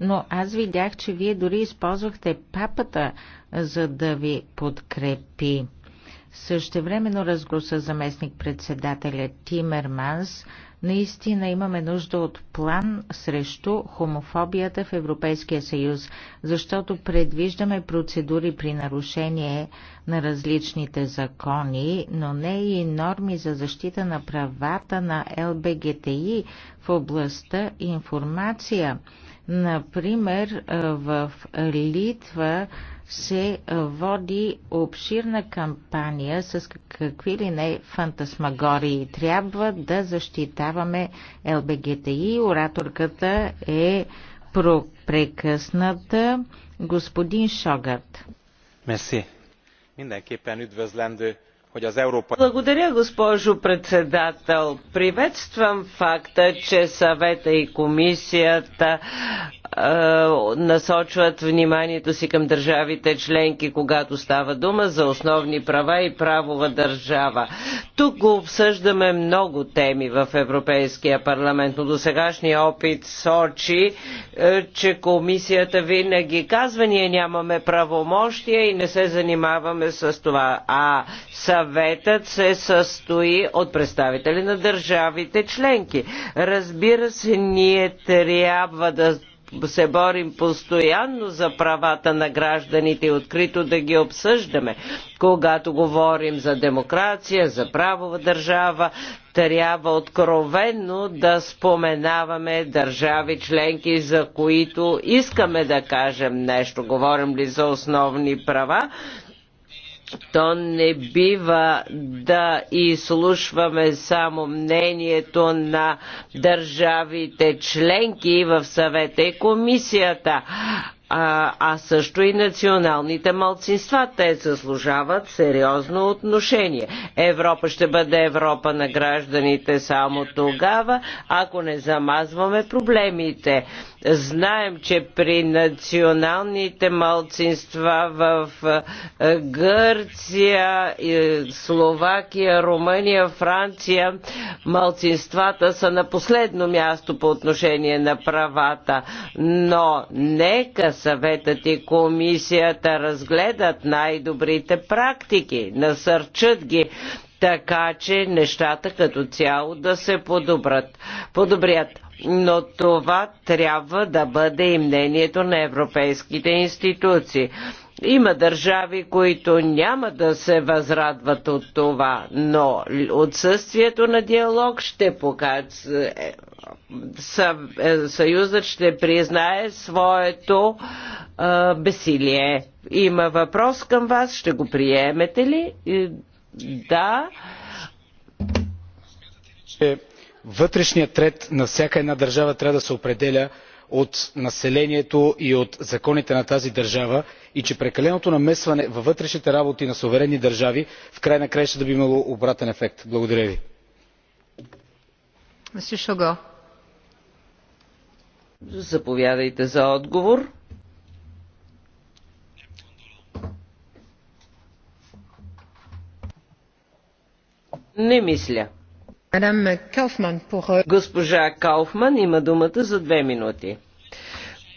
но аз видях, че вие дори използвахте папата, за да ви подкрепи. Същевременно разгласа заместник председателя Тимерманс, наистина имаме нужда от план срещу хомофобията в Европейския съюз, защото предвиждаме процедури при нарушение на различните закони, но не и норми за защита на правата на ЛБГТИ в областта информация. Например, в Литва се е, води обширна кампания с какви ли не фантасмагории. Трябва да защитаваме ЛБГТИ. Ораторката е прекъсната господин Шогарт. Меси. Благодаря, госпожо председател. Приветствам факта, че съвета и комисията насочват вниманието си към държавите членки, когато става дума за основни права и правова държава. Тук го обсъждаме много теми в Европейския парламент, но до сегашния опит сочи, е, че комисията винаги казва, ние нямаме правомощия и не се занимаваме с това. А съветът се състои от представители на държавите членки. Разбира се, ние трябва да се борим постоянно за правата на гражданите и открито да ги обсъждаме. Когато говорим за демокрация, за правова държава, трябва откровенно да споменаваме държави членки, за които искаме да кажем нещо. Говорим ли за основни права, то не бива да изслушваме само мнението на държавите членки в съвета и комисията, а, а също и националните малцинства. Те заслужават сериозно отношение. Европа ще бъде Европа на гражданите само тогава, ако не замазваме проблемите. Знаем, че при националните малцинства в Гърция, Словакия, Румъния, Франция, малцинствата са на последно място по отношение на правата. Но нека съветът и комисията разгледат най-добрите практики, насърчат ги, така че нещата като цяло да се подобрят. подобрят но това трябва да бъде и мнението на европейските институции. Има държави, които няма да се възрадват от това, но отсъствието на диалог ще покаже. Е, съюзът ще признае своето а, бесилие. Има въпрос към вас, ще го приемете ли? Да. Е вътрешният ред на всяка една държава трябва да се определя от населението и от законите на тази държава и че прекаленото намесване във вътрешните работи на суверенни държави в края на краищата би имало обратен ефект. благодаря ви. Заповядайте за отговор. Не мисля. Euh, Госпожа Кауфман има думата за две минути.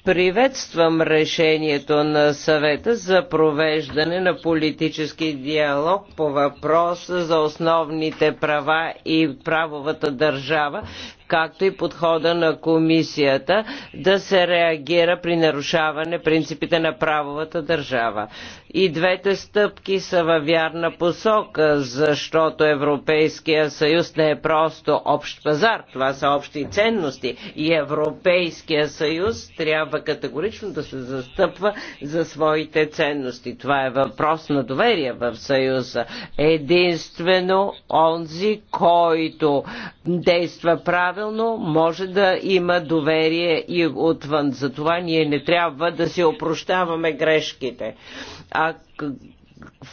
Приветствам решението на съвета за провеждане на политически диалог по въпроса за основните права и правовата държава, както и подхода на комисията да се реагира при нарушаване принципите на правовата държава. И двете стъпки са във вярна посока, защото Европейския съюз не е просто общ пазар, това са общи ценности. И Европейския съюз трябва категорично да се застъпва за своите ценности. Това е въпрос на доверие в съюза. Единствено онзи, който действа правилно, може да има доверие и отвън. Затова ние не трябва да си опрощаваме грешките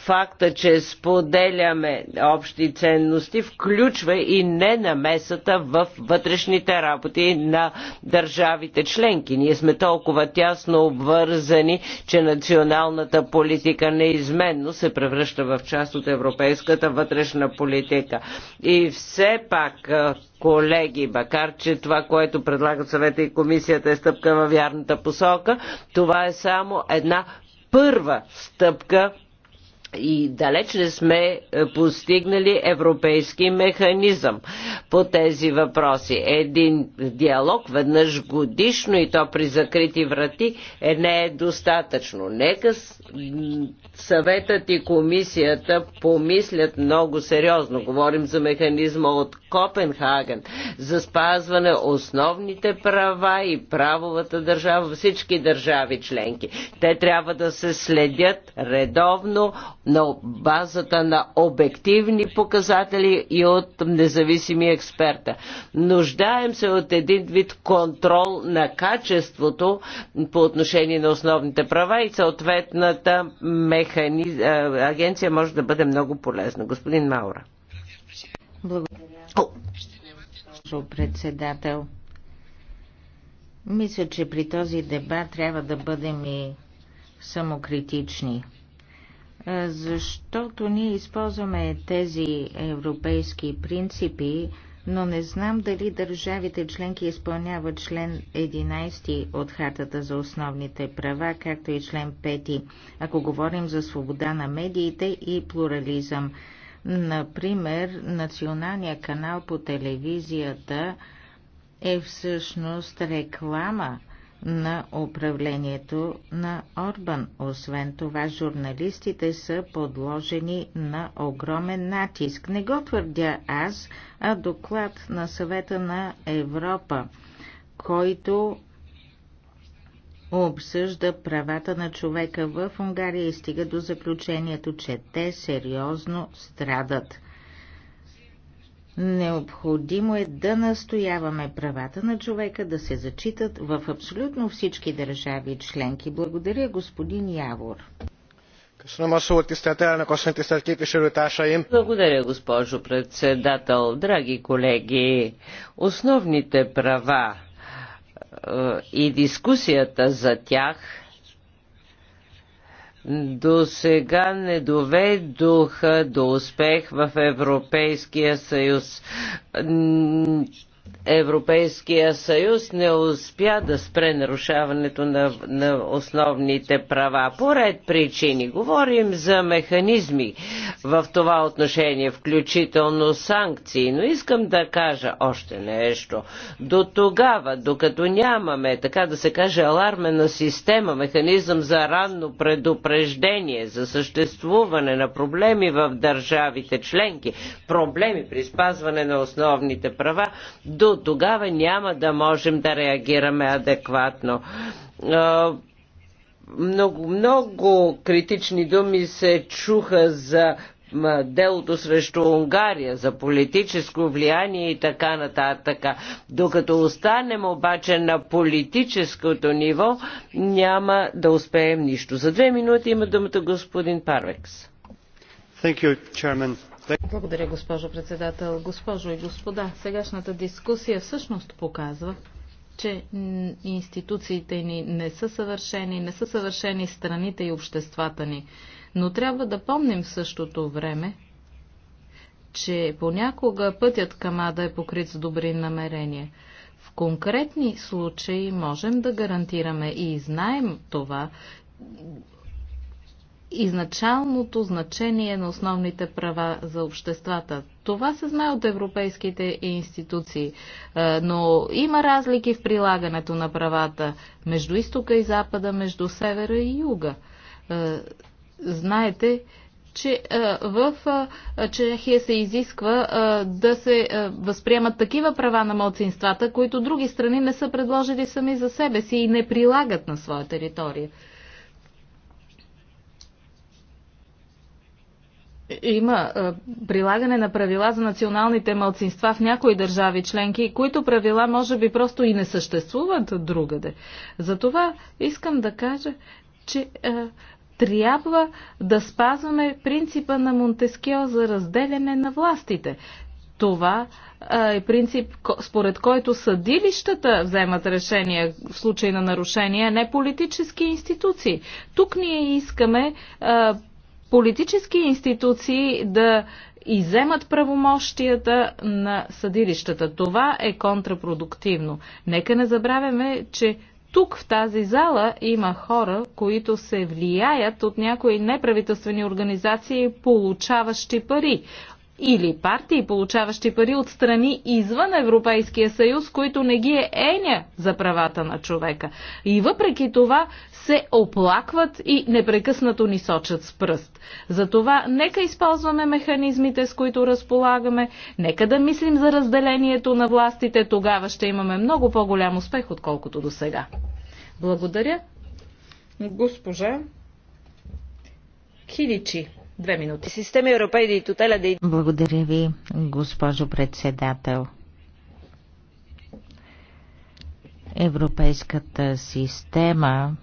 факта, че споделяме общи ценности, включва и ненамесата в вътрешните работи на държавите членки. Ние сме толкова тясно обвързани, че националната политика неизменно се превръща в част от европейската вътрешна политика. И все пак колеги, макар че това, което предлагат съвета и комисията е стъпка във вярната посока, това е само една първа стъпка и далеч не сме е, постигнали европейски механизъм по тези въпроси. Един диалог веднъж годишно и то при закрити врати е, не е достатъчно. Нека съветът и комисията помислят много сериозно. Говорим за механизма от Копенхаген, за спазване основните права и правовата държава във всички държави членки. Те трябва да се следят редовно на базата на обективни показатели и от независими експерта. Нуждаем се от един вид контрол на качеството по отношение на основните права и съответната механи... Е, агенция може да бъде много полезна. Господин Маура. Благодаря. О! Председател. Мисля, че при този дебат трябва да бъдем и самокритични защото ние използваме тези европейски принципи, но не знам дали държавите членки изпълняват член 11 от Хартата за основните права, както и член 5, ако говорим за свобода на медиите и плурализъм. Например, националния канал по телевизията е всъщност реклама – на управлението на Орбан. Освен това, журналистите са подложени на огромен натиск. Не го твърдя аз, а доклад на съвета на Европа, който обсъжда правата на човека в Унгария и стига до заключението, че те сериозно страдат. Необходимо е да настояваме правата на човека да се зачитат в абсолютно всички държави и членки. Благодаря, господин Явор. Благодаря, госпожо председател. Драги колеги, основните права е, и дискусията за тях – до сега не доведоха до успех в Европейския съюз. Европейския съюз не успя да спре нарушаването на, на основните права по ред причини. Говорим за механизми в това отношение, включително санкции, но искам да кажа още нещо. До тогава, докато нямаме, така да се каже, алармена система, механизъм за ранно предупреждение, за съществуване на проблеми в държавите членки, проблеми при спазване на основните права, до тогава няма да можем да реагираме адекватно много, много критични думи се чуха за делото срещу Унгария, за политическо влияние и така нататък. Докато останем обаче на политическото ниво, няма да успеем нищо. За две минути има думата господин Парвекс. Thank you, chairman. Благодаря, госпожо председател. Госпожо и господа, сегашната дискусия всъщност показва, че институциите ни не са съвършени, не са съвършени страните и обществата ни. Но трябва да помним в същото време, че понякога пътят към ада е покрит с добри намерения. В конкретни случаи можем да гарантираме и знаем това, изначалното значение на основните права за обществата. Това се знае от европейските институции, е, но има разлики в прилагането на правата между изтока и запада, между севера и юга. Е, знаете, че е, в Чехия се изисква да се възприемат такива права на младсинствата, които други страни не са предложили сами за себе си и не прилагат на своя територия. има е, прилагане на правила за националните малцинства в някои държави членки, които правила може би просто и не съществуват другаде. Затова искам да кажа, че е, трябва да спазваме принципа на Монтескио за разделяне на властите. Това е, е принцип, според който съдилищата вземат решения в случай на нарушения, не политически институции. Тук ние искаме политически институции да иземат правомощията на съдилищата. Това е контрапродуктивно. Нека не забравяме, че тук в тази зала има хора, които се влияят от някои неправителствени организации, получаващи пари или партии, получаващи пари от страни извън Европейския съюз, които не ги е еня за правата на човека. И въпреки това се оплакват и непрекъснато ни сочат с пръст. Затова нека използваме механизмите, с които разполагаме, нека да мислим за разделението на властите, тогава ще имаме много по-голям успех, отколкото до сега. Благодаря. Госпожа Хиличи. Две минути. Системи и Тутеля да... Благодаря ви, госпожо председател. Европейската система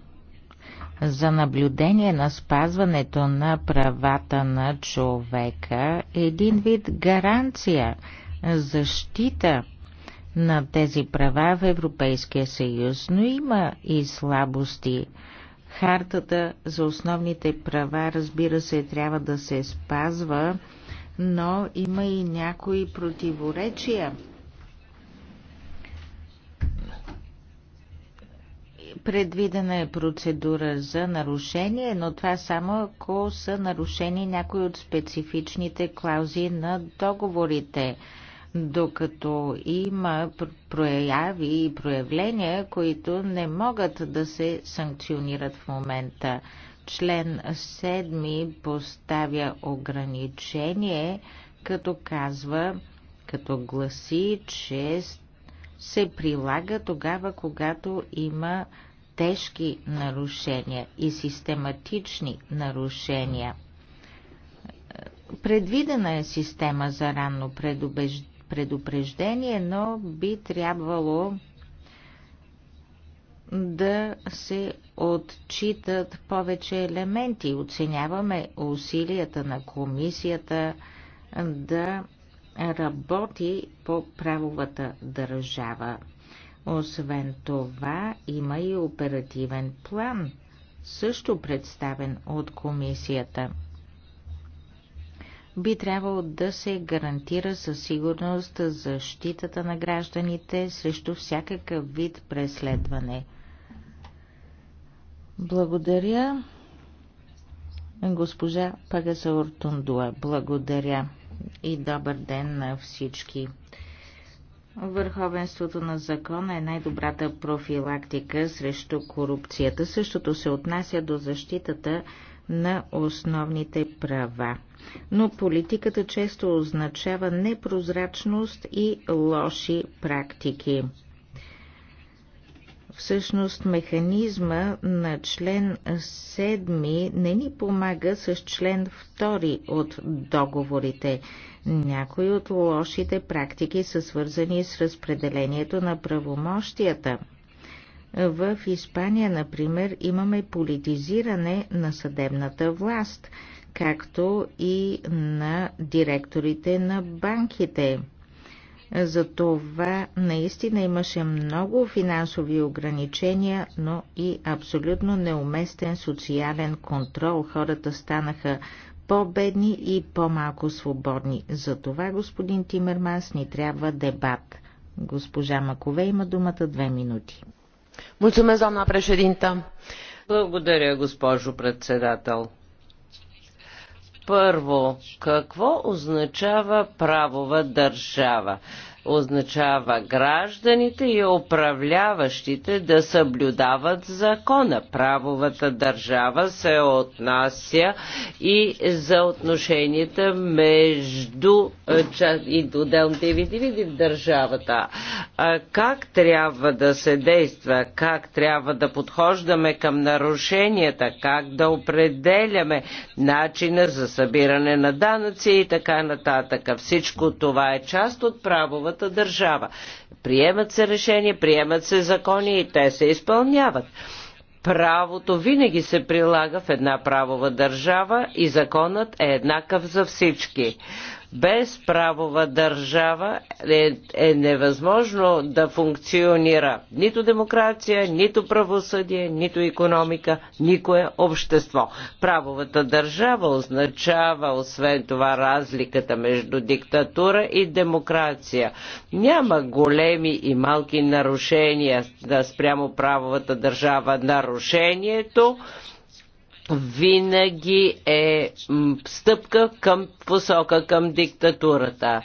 за наблюдение на спазването на правата на човека е един вид гаранция, защита на тези права в Европейския съюз, но има и слабости. Хартата за основните права, разбира се, трябва да се спазва, но има и някои противоречия. Предвидена е процедура за нарушение, но това само ако са нарушени някои от специфичните клаузи на договорите докато има прояви и проявления, които не могат да се санкционират в момента. Член 7 поставя ограничение, като казва, като гласи, че се прилага тогава, когато има тежки нарушения и систематични нарушения. Предвидена е система за ранно предубеждение предупреждение, но би трябвало да се отчитат повече елементи. Оценяваме усилията на комисията да работи по правовата държава. Освен това, има и оперативен план, също представен от комисията би трябвало да се гарантира със сигурност защитата на гражданите срещу всякакъв вид преследване. Благодаря, госпожа Пагасаур Тундуа. Благодаря и добър ден на всички. Върховенството на закона е най-добрата профилактика срещу корупцията. Същото се отнася до защитата на основните права но политиката често означава непрозрачност и лоши практики. Всъщност механизма на член 7 не ни помага с член 2 от договорите. Някои от лошите практики са свързани с разпределението на правомощията. В Испания, например, имаме политизиране на съдебната власт – както и на директорите на банките. За това наистина имаше много финансови ограничения, но и абсолютно неуместен социален контрол. Хората станаха по-бедни и по-малко свободни. За това, господин Тимерманс, ни трябва дебат. Госпожа Макове има думата две минути. Мулțumesc, doamna Благодаря, госпожо председател. Първо, какво означава правова държава? означава гражданите и управляващите да съблюдават закона. Правовата държава се отнася и за отношенията между е, и отделните индивиди в държавата. Как трябва да се действа, как трябва да подхождаме към нарушенията, как да определяме начина за събиране на данъци и така нататък. Всичко това е част от правовата неговата държава. Приемат се решения, приемат се закони и те се изпълняват. Правото винаги се прилага в една правова държава и законът е еднакъв за всички. Без правова държава е, е невъзможно да функционира нито демокрация, нито правосъдие, нито економика, никое общество. Правовата държава означава, освен това, разликата между диктатура и демокрация. Няма големи и малки нарушения да спрямо правовата държава. Нарушението винаги е стъпка към посока към диктатурата.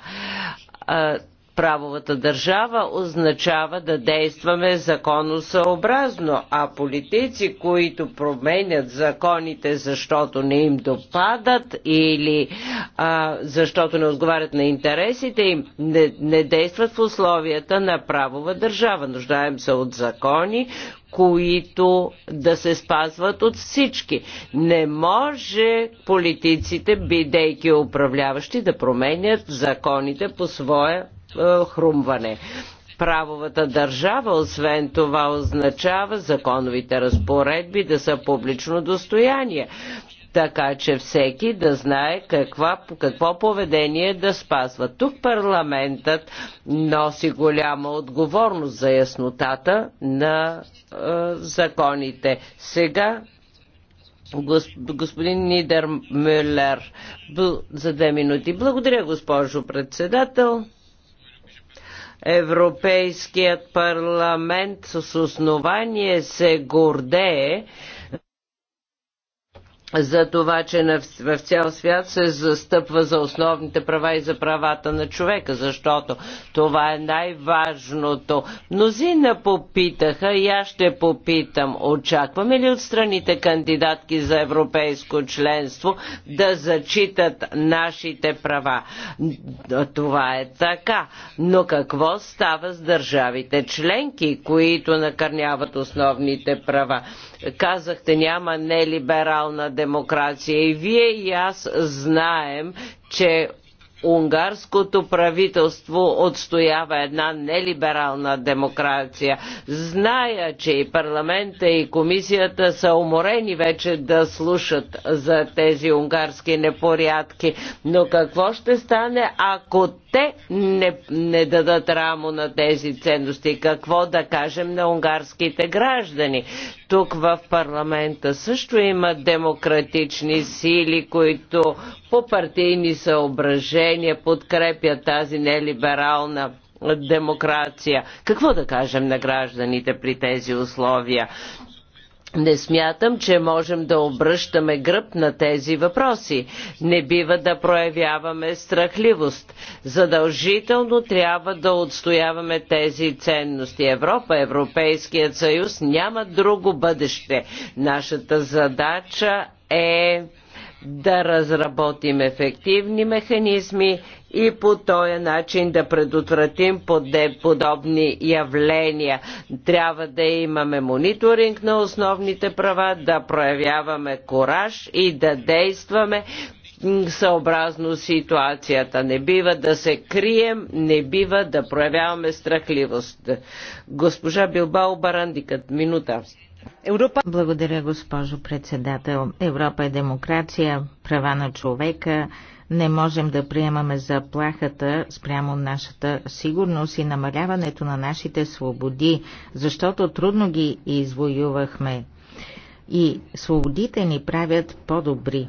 Правовата държава означава да действаме законосъобразно, а политици, които променят законите, защото не им допадат или а, защото не отговарят на интересите им, не, не действат в условията на правова държава. Нуждаем се от закони, които да се спазват от всички. Не може политиците, бидейки управляващи, да променят законите по свое е, хрумване. Правовата държава, освен това, означава законовите разпоредби да са публично достояние така че всеки да знае каква, какво поведение да спазва. Тук парламентът носи голяма отговорност за яснотата на е, законите. Сега господин Нидер Мюллер за две минути. Благодаря, госпожо председател. Европейският парламент с основание се гордее, за това, че в цял свят се застъпва за основните права и за правата на човека, защото това е най-важното. Мнозина попитаха и аз ще попитам, очакваме ли от страните кандидатки за европейско членство да зачитат нашите права? Това е така. Но какво става с държавите членки, които накърняват основните права? Казахте, няма нелиберална демокрация. И вие и аз знаем, че унгарското правителство отстоява една нелиберална демокрация. Зная, че и парламента и комисията са уморени вече да слушат за тези унгарски непорядки, но какво ще стане, ако те не, не дадат рамо на тези ценности. Какво да кажем на унгарските граждани? Тук в парламента също има демократични сили, които по партийни съображения подкрепят тази нелиберална демокрация. Какво да кажем на гражданите при тези условия? Не смятам, че можем да обръщаме гръб на тези въпроси. Не бива да проявяваме страхливост. Задължително трябва да отстояваме тези ценности. Европа, Европейският съюз няма друго бъдеще. Нашата задача е да разработим ефективни механизми и по този начин да предотвратим подобни явления. Трябва да имаме мониторинг на основните права, да проявяваме кораж и да действаме съобразно ситуацията. Не бива да се крием, не бива да проявяваме страхливост. Госпожа Билбао Барандикът, минута. Европа... Благодаря, госпожо председател. Европа е демокрация, права на човека. Не можем да приемаме заплахата спрямо нашата сигурност и намаляването на нашите свободи, защото трудно ги извоювахме. И свободите ни правят по-добри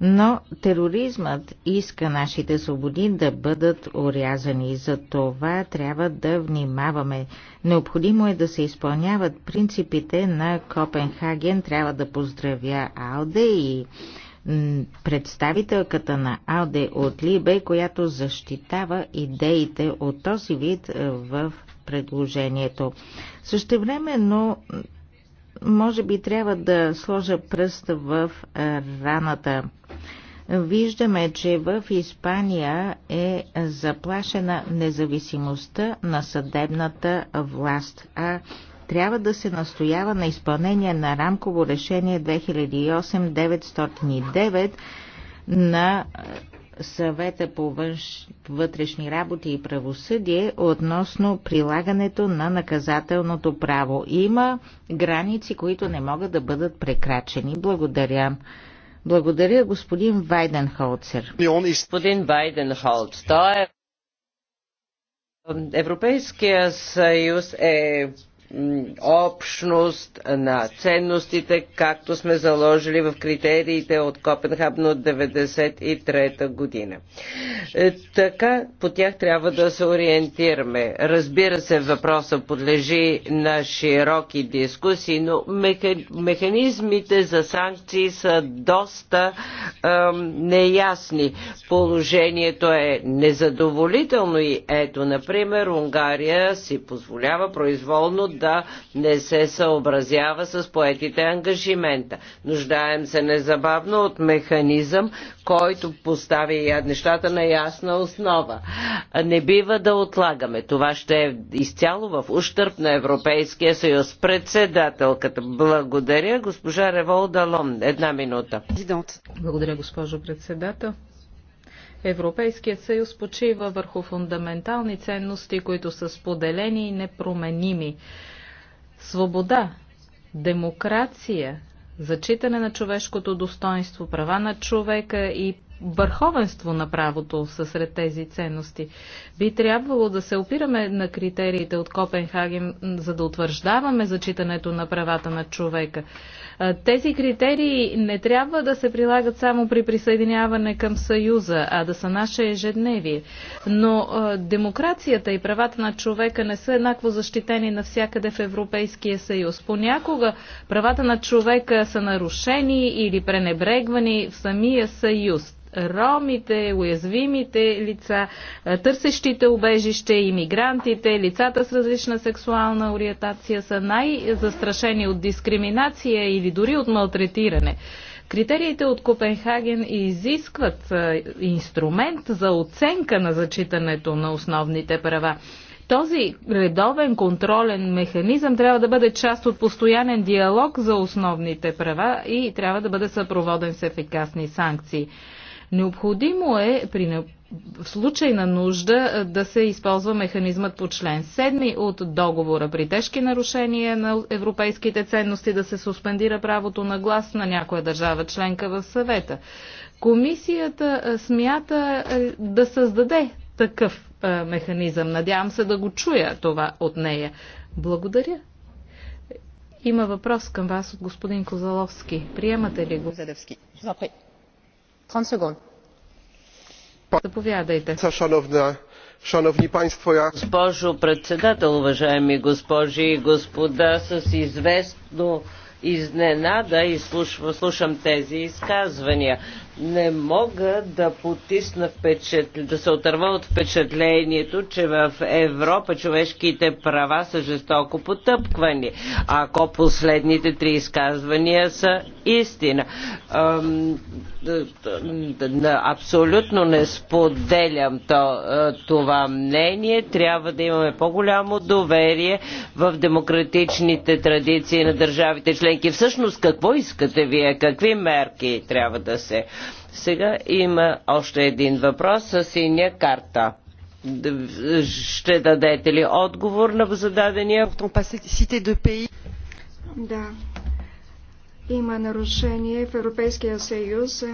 но тероризмът иска нашите свободи да бъдат орязани. За това трябва да внимаваме. Необходимо е да се изпълняват принципите на Копенхаген. Трябва да поздравя Алде и представителката на Алде от Либе, която защитава идеите от този вид е, в предложението. Същевременно може би трябва да сложа пръст в раната. Виждаме, че в Испания е заплашена независимостта на съдебната власт, а трябва да се настоява на изпълнение на рамково решение 2008-909 на съвета по външ... вътрешни работи и правосъдие относно прилагането на наказателното право. Има граници, които не могат да бъдат прекрачени. Благодаря. Благодаря господин Вайденхолцер. Господин е Европейския съюз е общност на ценностите, както сме заложили в критериите от Копенхабно от 1993 година. Е, така по тях трябва да се ориентираме. Разбира се, въпросът подлежи на широки дискусии, но механизмите за санкции са доста ем, неясни. Положението е незадоволително и ето, например, Унгария си позволява произволно да да не се съобразява с поетите ангажимента. Нуждаем се незабавно от механизъм, който постави нещата на ясна основа. Не бива да отлагаме. Това ще е изцяло в ущърп на Европейския съюз. Председателката. Благодаря. Госпожа Револда Лом. Една минута. Благодаря, госпожо председател. Европейският съюз почива върху фундаментални ценности, които са споделени и непроменими. Свобода, демокрация, зачитане на човешкото достоинство, права на човека и върховенство на правото са сред тези ценности. Би трябвало да се опираме на критериите от Копенхаген, за да утвърждаваме зачитането на правата на човека. Тези критерии не трябва да се прилагат само при присъединяване към Съюза, а да са наше ежедневие. Но демокрацията и правата на човека не са еднакво защитени навсякъде в Европейския съюз. Понякога правата на човека са нарушени или пренебрегвани в самия съюз ромите, уязвимите лица, търсещите убежище, иммигрантите, лицата с различна сексуална ориентация са най-застрашени от дискриминация или дори от малтретиране. Критериите от Копенхаген изискват инструмент за оценка на зачитането на основните права. Този редовен контролен механизъм трябва да бъде част от постоянен диалог за основните права и трябва да бъде съпроводен с ефикасни санкции. Необходимо е при в случай на нужда да се използва механизмът по член 7 от договора при тежки нарушения на европейските ценности да се суспендира правото на глас на някоя държава членка в съвета. Комисията смята да създаде такъв механизъм. Надявам се да го чуя това от нея. Благодаря. Има въпрос към вас от господин Козаловски. Приемате ли го? Госпожо председател, уважаеми госпожи и господа, с известна изненада слушам тези изказвания не мога да потисна впечатл... да се отърва от впечатлението, че в Европа човешките права са жестоко потъпквани, ако последните три изказвания са истина. Абсолютно не споделям това мнение. Трябва да имаме по-голямо доверие в демократичните традиции на държавите членки. Всъщност, какво искате вие? Какви мерки трябва да се сега има още един въпрос с синя карта. Ще дадете ли отговор на зададения? Да. Има нарушение в Европейския съюз.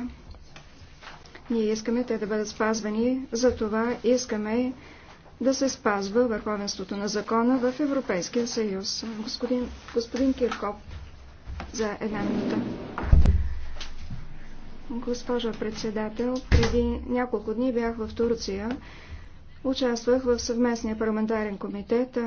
Ние искаме те да бъдат спазвани, затова искаме да се спазва върховенството на закона в Европейския съюз. Господин, господин Киркоп, за една минута. Госпожа председател, преди няколко дни бях в Турция. Участвах в съвместния парламентарен комитет.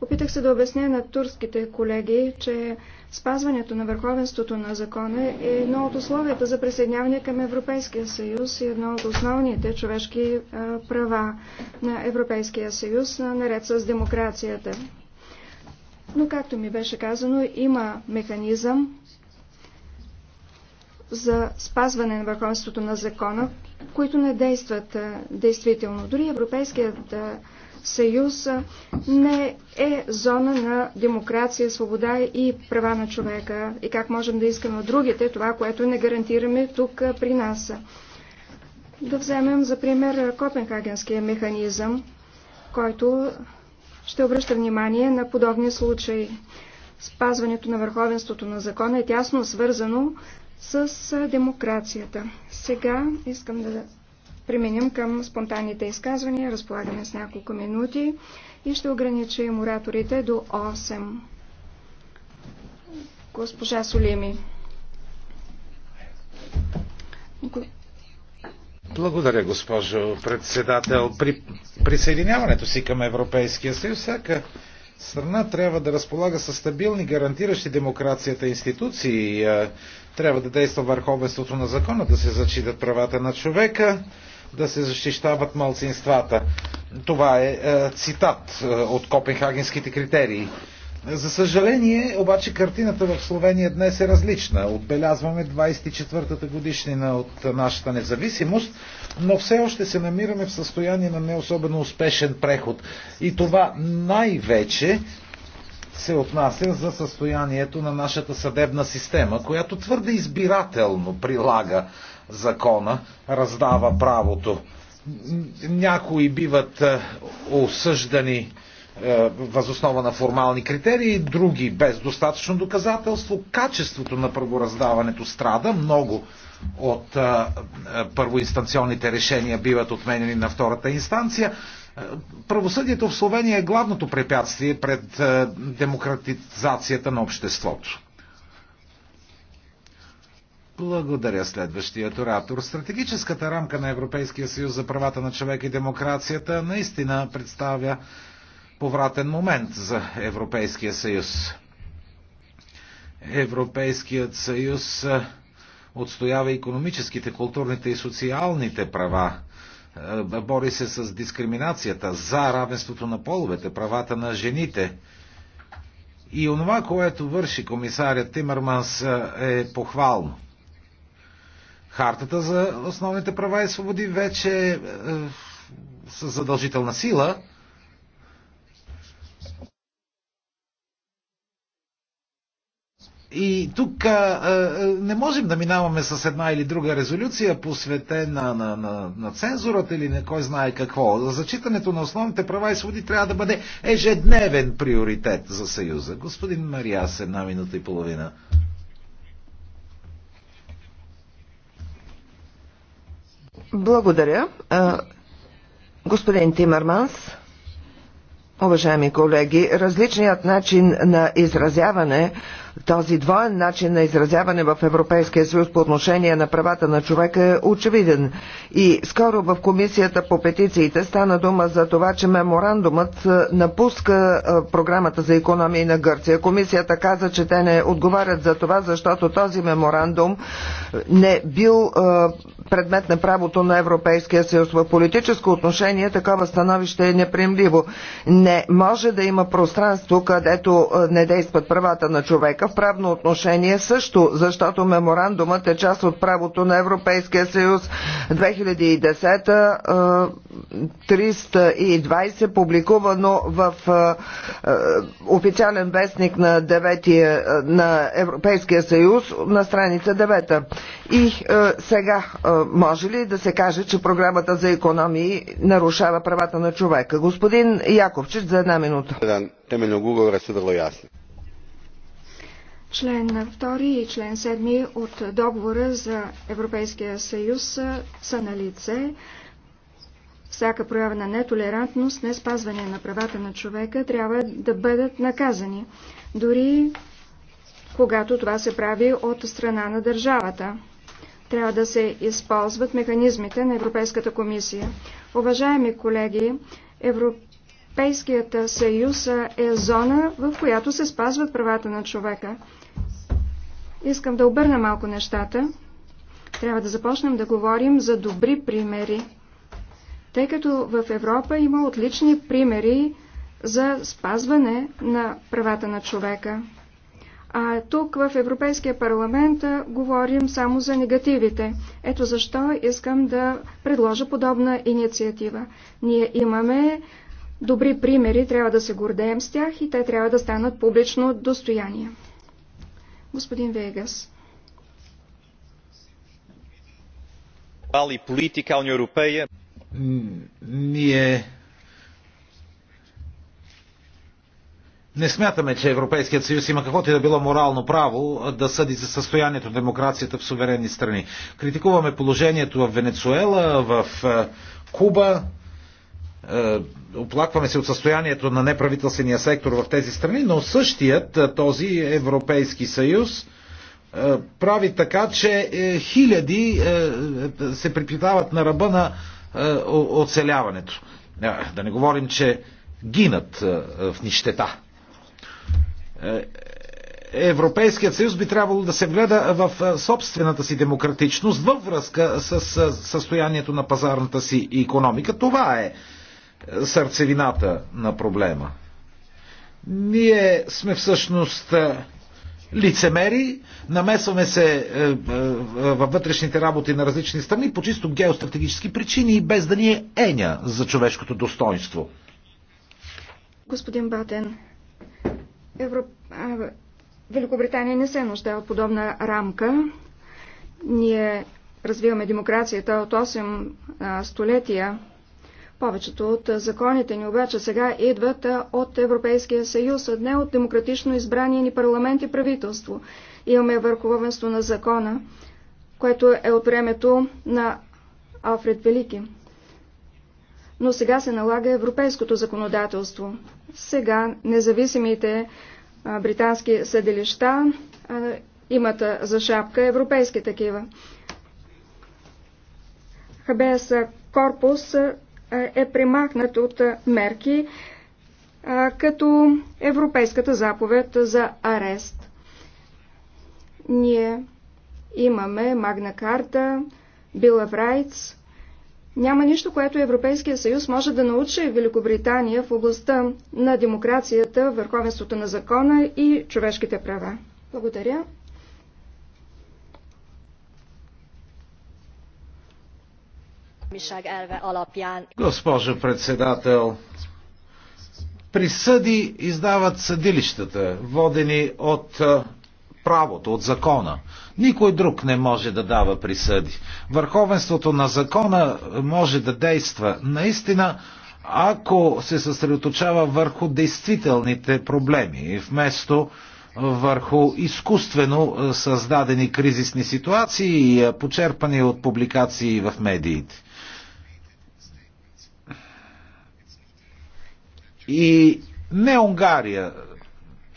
Опитах се да обясня на турските колеги, че спазването на върховенството на закона е едно от условията за присъединяване към Европейския съюз и едно от основните човешки права на Европейския съюз, наред с демокрацията. Но, както ми беше казано, има механизъм, за спазване на върховенството на закона, които не действат действително. Дори Европейският съюз не е зона на демокрация, свобода и права на човека. И как можем да искаме от другите това, което не гарантираме тук при нас. Да вземем за пример Копенхагенския механизъм, който ще обръща внимание на подобни случаи. Спазването на върховенството на закона е тясно свързано с демокрацията. Сега искам да преминем към спонтанните изказвания. Разполагаме с няколко минути и ще ограничим ораторите до 8. Госпожа Солими. Благодаря, госпожо председател. При присъединяването си към Европейския съюз, всяка страна трябва да разполага с стабилни, гарантиращи демокрацията институции трябва да действа върховенството на закона, да се зачитат правата на човека, да се защищават малцинствата. Това е, е цитат е, от копенхагенските критерии. За съжаление, обаче картината в Словения днес е различна. Отбелязваме 24-та годишнина от нашата независимост, но все още се намираме в състояние на не особено успешен преход. И това най-вече се отнася за състоянието на нашата съдебна система, която твърде избирателно прилага закона, раздава правото. Някои биват е, осъждани е, възоснова на формални критерии, други без достатъчно доказателство. Качеството на правораздаването страда много от е, първоинстанционните решения биват отменени на втората инстанция. Правосъдието в Словения е главното препятствие пред е, демократизацията на обществото. Благодаря следващият оратор. Стратегическата рамка на Европейския съюз за правата на човека и демокрацията наистина представя повратен момент за Европейския съюз. Европейският съюз е, отстоява економическите, културните и социалните права е, бори се с дискриминацията, за равенството на половете, правата на жените. И онова, което върши комисарят Тимърманс е похвално. Хартата за основните права и свободи вече е, е с задължителна сила И тук а, а, не можем да минаваме с една или друга резолюция, посветена на, на, на цензурата или на кой знае какво. Зачитането на основните права и свободи трябва да бъде ежедневен приоритет за Съюза. Господин Мариас, една минута и половина. Благодаря. Господин Тимърманс, уважаеми колеги, различният начин на изразяване този двоен начин на изразяване в Европейския съюз по отношение на правата на човека е очевиден. И скоро в комисията по петициите стана дума за това, че меморандумът е, напуска е, програмата за економии на Гърция. Комисията каза, че те не отговарят за това, защото този меморандум не бил е, предмет на правото на Европейския съюз. В политическо отношение такова становище е неприемливо. Не може да има пространство, където не действат правата на човека всякакъв правно отношение също, защото меморандумът е част от правото на Европейския съюз 2010-320, публикувано в официален вестник на, 9, на Европейския съюз на страница 9. И сега може ли да се каже, че програмата за економии нарушава правата на човека? Господин Яковчич, за една минута. Temeljnog Google е vrlo ясно. Член 2 и член 7 от договора за Европейския съюз са на лице. Всяка проява на нетолерантност, не спазване на правата на човека трябва да бъдат наказани, дори когато това се прави от страна на държавата. Трябва да се използват механизмите на Европейската комисия. Уважаеми колеги, Европейският съюз е зона, в която се спазват правата на човека. Искам да обърна малко нещата. Трябва да започнем да говорим за добри примери, тъй като в Европа има отлични примери за спазване на правата на човека. А тук в Европейския парламент говорим само за негативите. Ето защо искам да предложа подобна инициатива. Ние имаме добри примери, трябва да се гордеем с тях и те трябва да станат публично достояние. Господин Вегас. Ние не смятаме, че Европейският съюз има каквото и да било морално право да съди за състоянието на демокрацията в суверенни страни. Критикуваме положението в Венецуела, в е, Куба, е, оплакваме се от състоянието на неправителствения сектор в тези страни, но същият е, този Европейски съюз е, прави така, че хиляди се припитават на ръба на оцеляването. Да не говорим, че гинат в нищета. Европейският съюз би трябвало да се вгледа в собствената си демократичност във връзка с състоянието на пазарната си економика. Това е сърцевината на проблема. Ние сме всъщност е, лицемери, намесваме се е, е, във вътрешните работи на различни страни по чисто геостратегически причини и без да ни е еня за човешкото достоинство. Господин Батен, Евро... Великобритания не се нуждае от подобна рамка. Ние развиваме демокрацията от 8 столетия. Повечето от законите ни обаче сега идват от Европейския съюз, а не от демократично избрания ни парламент и правителство. Имаме върховенство на закона, което е от времето на Алфред Велики. Но сега се налага европейското законодателство. Сега независимите британски съдилища имат за шапка европейски такива. ХАБЕС корпус е, е премахнат от е, мерки е, като Европейската заповед за арест. Ние имаме Магна Карта, Bill of Rights. Няма нищо, което Европейския съюз може да научи Великобритания в областта на демокрацията, върховенството на закона и човешките права. Благодаря. Госпожо председател, присъди издават съдилищата, водени от правото, от закона. Никой друг не може да дава присъди. Върховенството на закона може да действа наистина, ако се съсредоточава върху действителните проблеми, вместо върху изкуствено създадени кризисни ситуации, почерпани от публикации в медиите. И не Унгария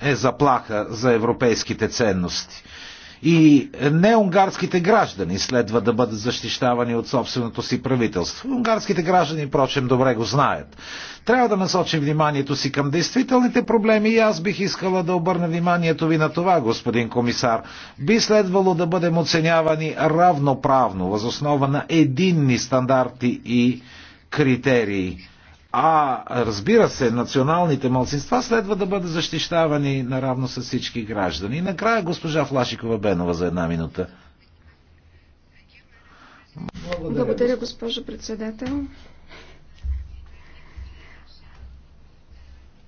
е заплаха за европейските ценности. И не унгарските граждани следва да бъдат защищавани от собственото си правителство. Унгарските граждани, прочем, добре го знаят. Трябва да насочим вниманието си към действителните проблеми и аз бих искала да обърна вниманието ви на това, господин комисар. Би следвало да бъдем оценявани равноправно, възоснова на единни стандарти и критерии а разбира се, националните малцинства следва да бъдат защищавани наравно с всички граждани. И накрая госпожа Флашикова Бенова за една минута. Благодаря, Благодаря госпожо председател.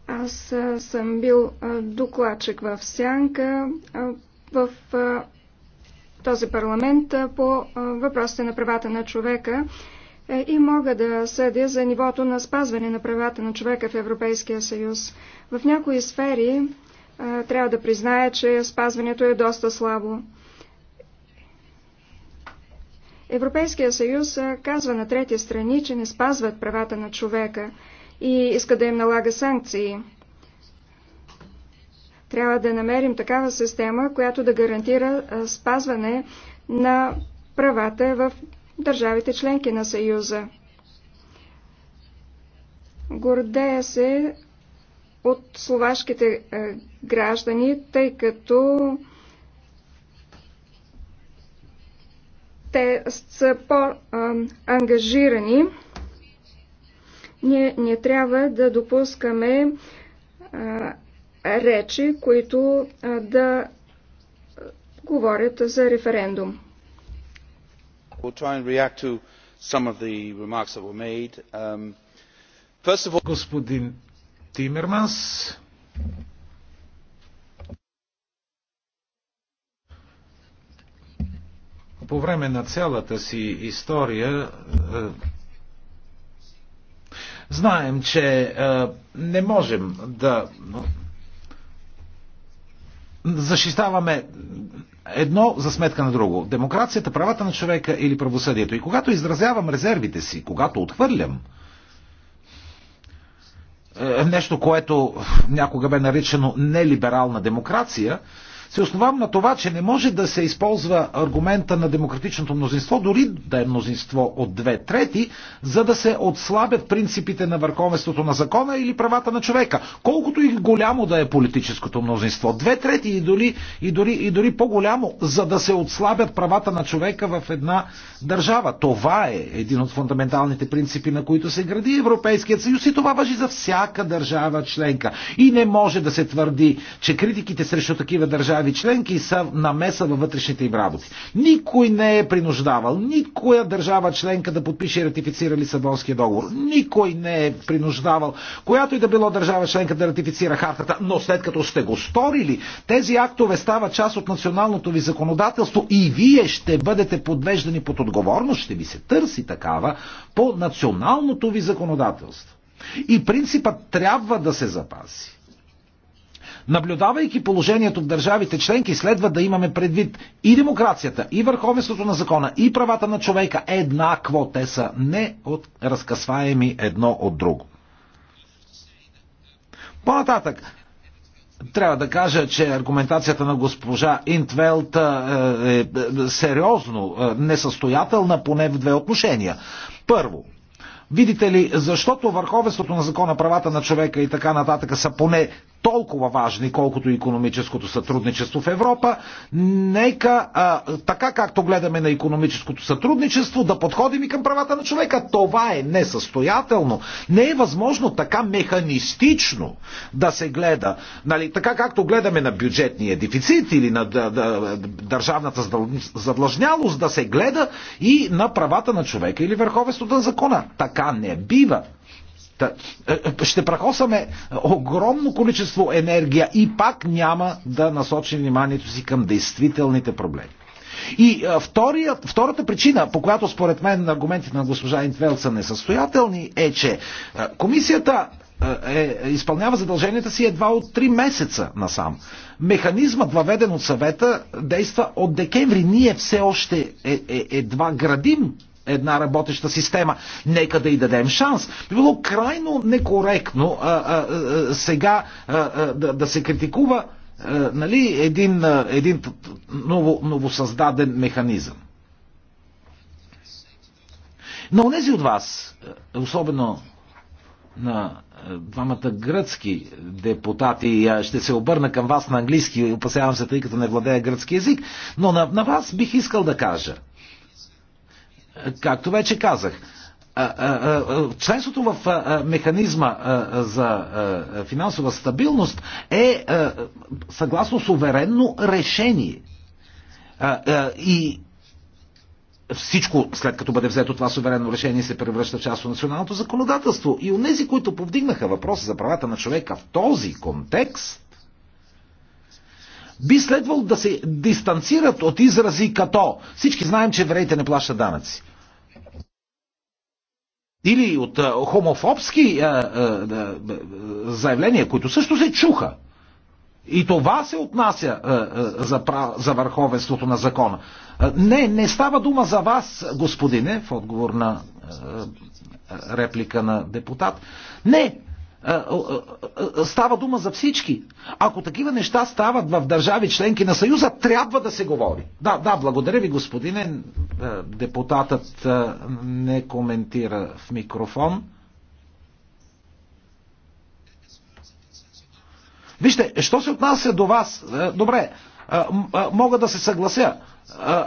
Аз съм бил докладчик в Сянка в този парламент по въпросите на правата на човека е, и мога да съдя за нивото на спазване на правата на човека в Европейския съюз. В някои сфери е, трябва да призная, че спазването е доста слабо. Европейския съюз е, казва на трети страни, че не спазват правата на човека и иска да им налага санкции. Трябва да намерим такава система, която да гарантира спазване на правата в държавите членки на Съюза. Гордея се от словашките е, граждани, тъй като те са по-ангажирани. Ние не трябва да допускаме е, речи, които е, да говорят за референдум. Господин Тимерманс, по време на цялата си история е, знаем, че е, не можем да защитаваме едно за сметка на друго. Демокрацията, правата на човека или правосъдието. И когато изразявам резервите си, когато отхвърлям е, нещо, което някога бе наричано нелиберална демокрация, се основавам на това, че не може да се използва аргумента на демократичното мнозинство, дори да е мнозинство от две трети, за да се отслабят принципите на върховенството на закона или правата на човека. Колкото и голямо да е политическото мнозинство, две трети и дори, и дори, и дори по-голямо, за да се отслабят правата на човека в една държава. Това е един от фундаменталните принципи, на които се гради Европейският съюз и това въжи за всяка държава членка. И не може да се твърди, че критиките срещу такива държави държави членки и са намеса във вътрешните им работи. Никой не е принуждавал, никоя държава членка да подпише и ратифицира Лисабонския договор. Никой не е принуждавал, която и да било държава членка да ратифицира хартата, но след като сте го сторили, тези актове стават част от националното ви законодателство и вие ще бъдете подвеждани под отговорност, ще ви се търси такава по националното ви законодателство. И принципът трябва да се запази. Наблюдавайки положението в държавите членки, следва да имаме предвид и демокрацията, и върховенството на закона, и правата на човека еднакво. Те са не от разкъсваеми едно от друго. По-нататък, трябва да кажа, че аргументацията на госпожа Интвелт е, е, е сериозно е, несъстоятелна поне в две отношения. Първо, видите ли, защото върховенството на закона, правата на човека и така нататък са поне толкова важни, колкото и економическото сътрудничество в Европа. Нека, а, така както гледаме на економическото сътрудничество, да подходим и към правата на човека. Това е несъстоятелно. Не е възможно така механистично да се гледа. Нали, така както гледаме на бюджетния дефицит или на да, да, държавната задлъжнялост, да се гледа и на правата на човека или върховеството на закона. Така не бива. Е, е, ще прахосаме огромно количество енергия и пак няма да насочим вниманието си към действителните проблеми. И е, втория, втората причина, по която според мен аргументите на госпожа Интвел са несъстоятелни, е, че комисията е, изпълнява задълженията си едва от 3 месеца насам. Механизмът, въведен от съвета, действа от декември. Ние все още е, е, едва градим една работеща система. Нека да й дадем шанс. Би било крайно некоректно а, а, а, сега а, а, да, да се критикува а, нали, един, а, един ново, новосъздаден механизъм. Но нези от вас, особено на двамата гръцки депутати. Ще се обърна към вас на английски, опасявам се, тъй като не владея гръцки язик, но на, на вас бих искал да кажа. Както вече казах, членството в механизма за финансова стабилност е съгласно суверенно решение. И всичко, след като бъде взето това суверенно решение, се превръща в част от националното законодателство. И от тези, които повдигнаха въпроса за правата на човека в този контекст, би следвало да се дистанцират от изрази като всички знаем, че евреите не плащат данъци или от хомофобски заявления, които също се чуха. И това се отнася за, за върховенството на закона. Не, не става дума за вас, господине, в отговор на реплика на депутат. Не, е, е, е, става дума за всички. Ако такива неща стават в държави членки на Съюза, трябва да се говори. Да, да, благодаря ви, господине. Депутатът не коментира в микрофон. Вижте, що се отнася до вас? Добре, мога да се съглася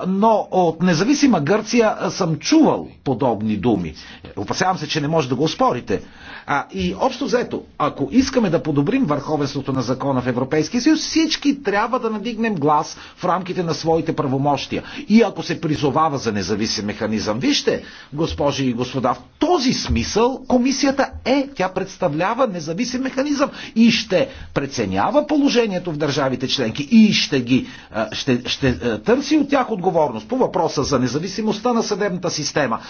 но от независима Гърция съм чувал подобни думи. Опасявам се, че не може да го спорите. А, и общо взето, ако искаме да подобрим върховенството на закона в Европейския съюз, всички трябва да надигнем глас в рамките на своите правомощия. И ако се призовава за независим механизъм, вижте, госпожи и господа, в този смисъл комисията е, тя представлява независим механизъм и ще преценява положението в държавите членки и ще ги, ще, ще търси от тях отговорност по въпроса за независимостта на съдебната система,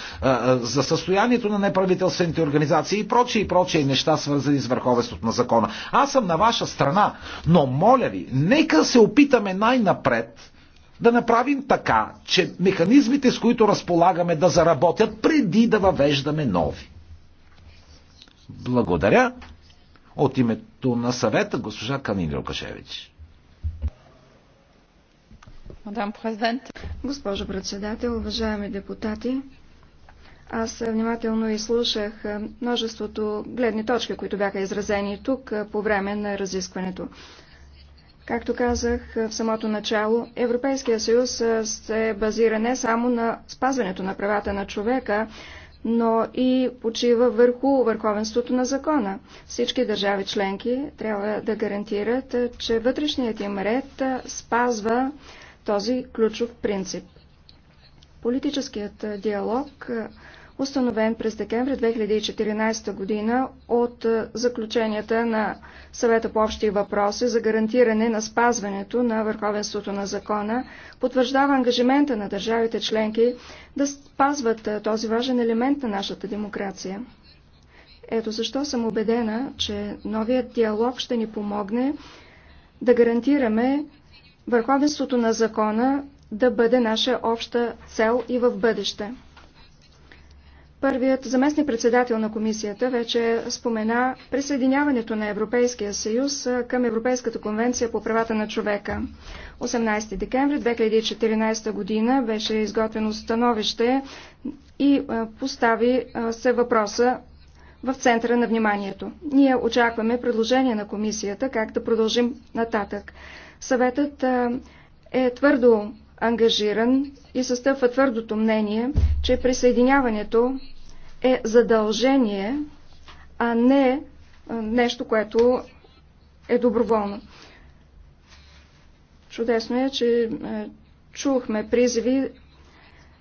за състоянието на неправителствените организации и прочие и прочие неща, свързани с върховенството на закона. Аз съм на ваша страна, но моля ви, нека се опитаме най-напред да направим така, че механизмите, с които разполагаме, да заработят преди да въвеждаме нови. Благодаря. От името на съвета госпожа Канин Лукашевич. Госпожо председател, уважаеми депутати, аз внимателно изслушах множеството гледни точки, които бяха изразени тук по време на разискването. Както казах в самото начало, Европейския съюз се базира не само на спазването на правата на човека, но и почива върху върховенството на закона. Всички държави членки трябва да гарантират, че вътрешният им ред спазва този ключов принцип. Политическият диалог, установен през декември 2014 година от заключенията на съвета по общи въпроси за гарантиране на спазването на върховенството на закона, потвърждава ангажимента на държавите членки да спазват този важен елемент на нашата демокрация. Ето защо съм убедена, че новият диалог ще ни помогне да гарантираме върховенството на закона да бъде наша обща цел и в бъдеще. Първият заместник председател на комисията вече спомена присъединяването на Европейския съюз към Европейската конвенция по правата на човека. 18 декември 2014 година беше изготвено становище и постави се въпроса в центъра на вниманието. Ние очакваме предложение на комисията как да продължим нататък. Съветът е твърдо ангажиран и състъпва твърдото мнение, че присъединяването е задължение, а не нещо, което е доброволно. Чудесно е, че чухме призиви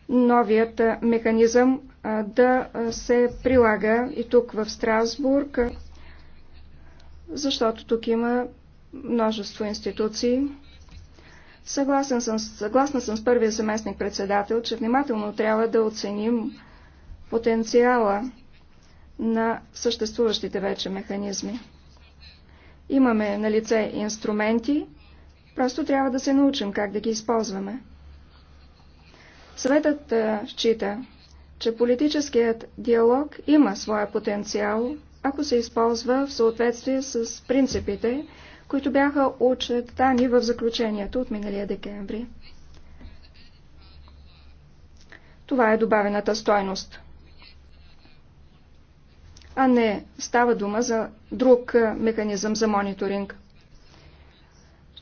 новият механизъм да се прилага и тук в Страсбург, защото тук има множество институции. Съгласен съм, съгласна съм с първия заместник председател, че внимателно трябва да оценим потенциала на съществуващите вече механизми. Имаме на лице инструменти, просто трябва да се научим как да ги използваме. Съветът счита, че политическият диалог има своя потенциал, ако се използва в съответствие с принципите, които бяха очетани в заключението от миналия декември. Това е добавената стойност. А не става дума за друг механизъм за мониторинг.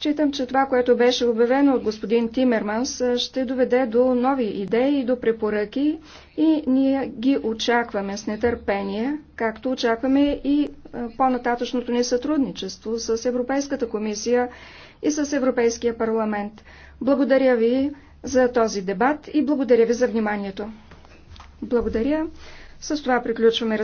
Считам, че това, което беше обявено от господин Тимерманс, ще доведе до нови идеи и до препоръки и ние ги очакваме с нетърпение, както очакваме и по-нататъчното ни сътрудничество с Европейската комисия и с Европейския парламент. Благодаря ви за този дебат и благодаря ви за вниманието. Благодаря. С това приключваме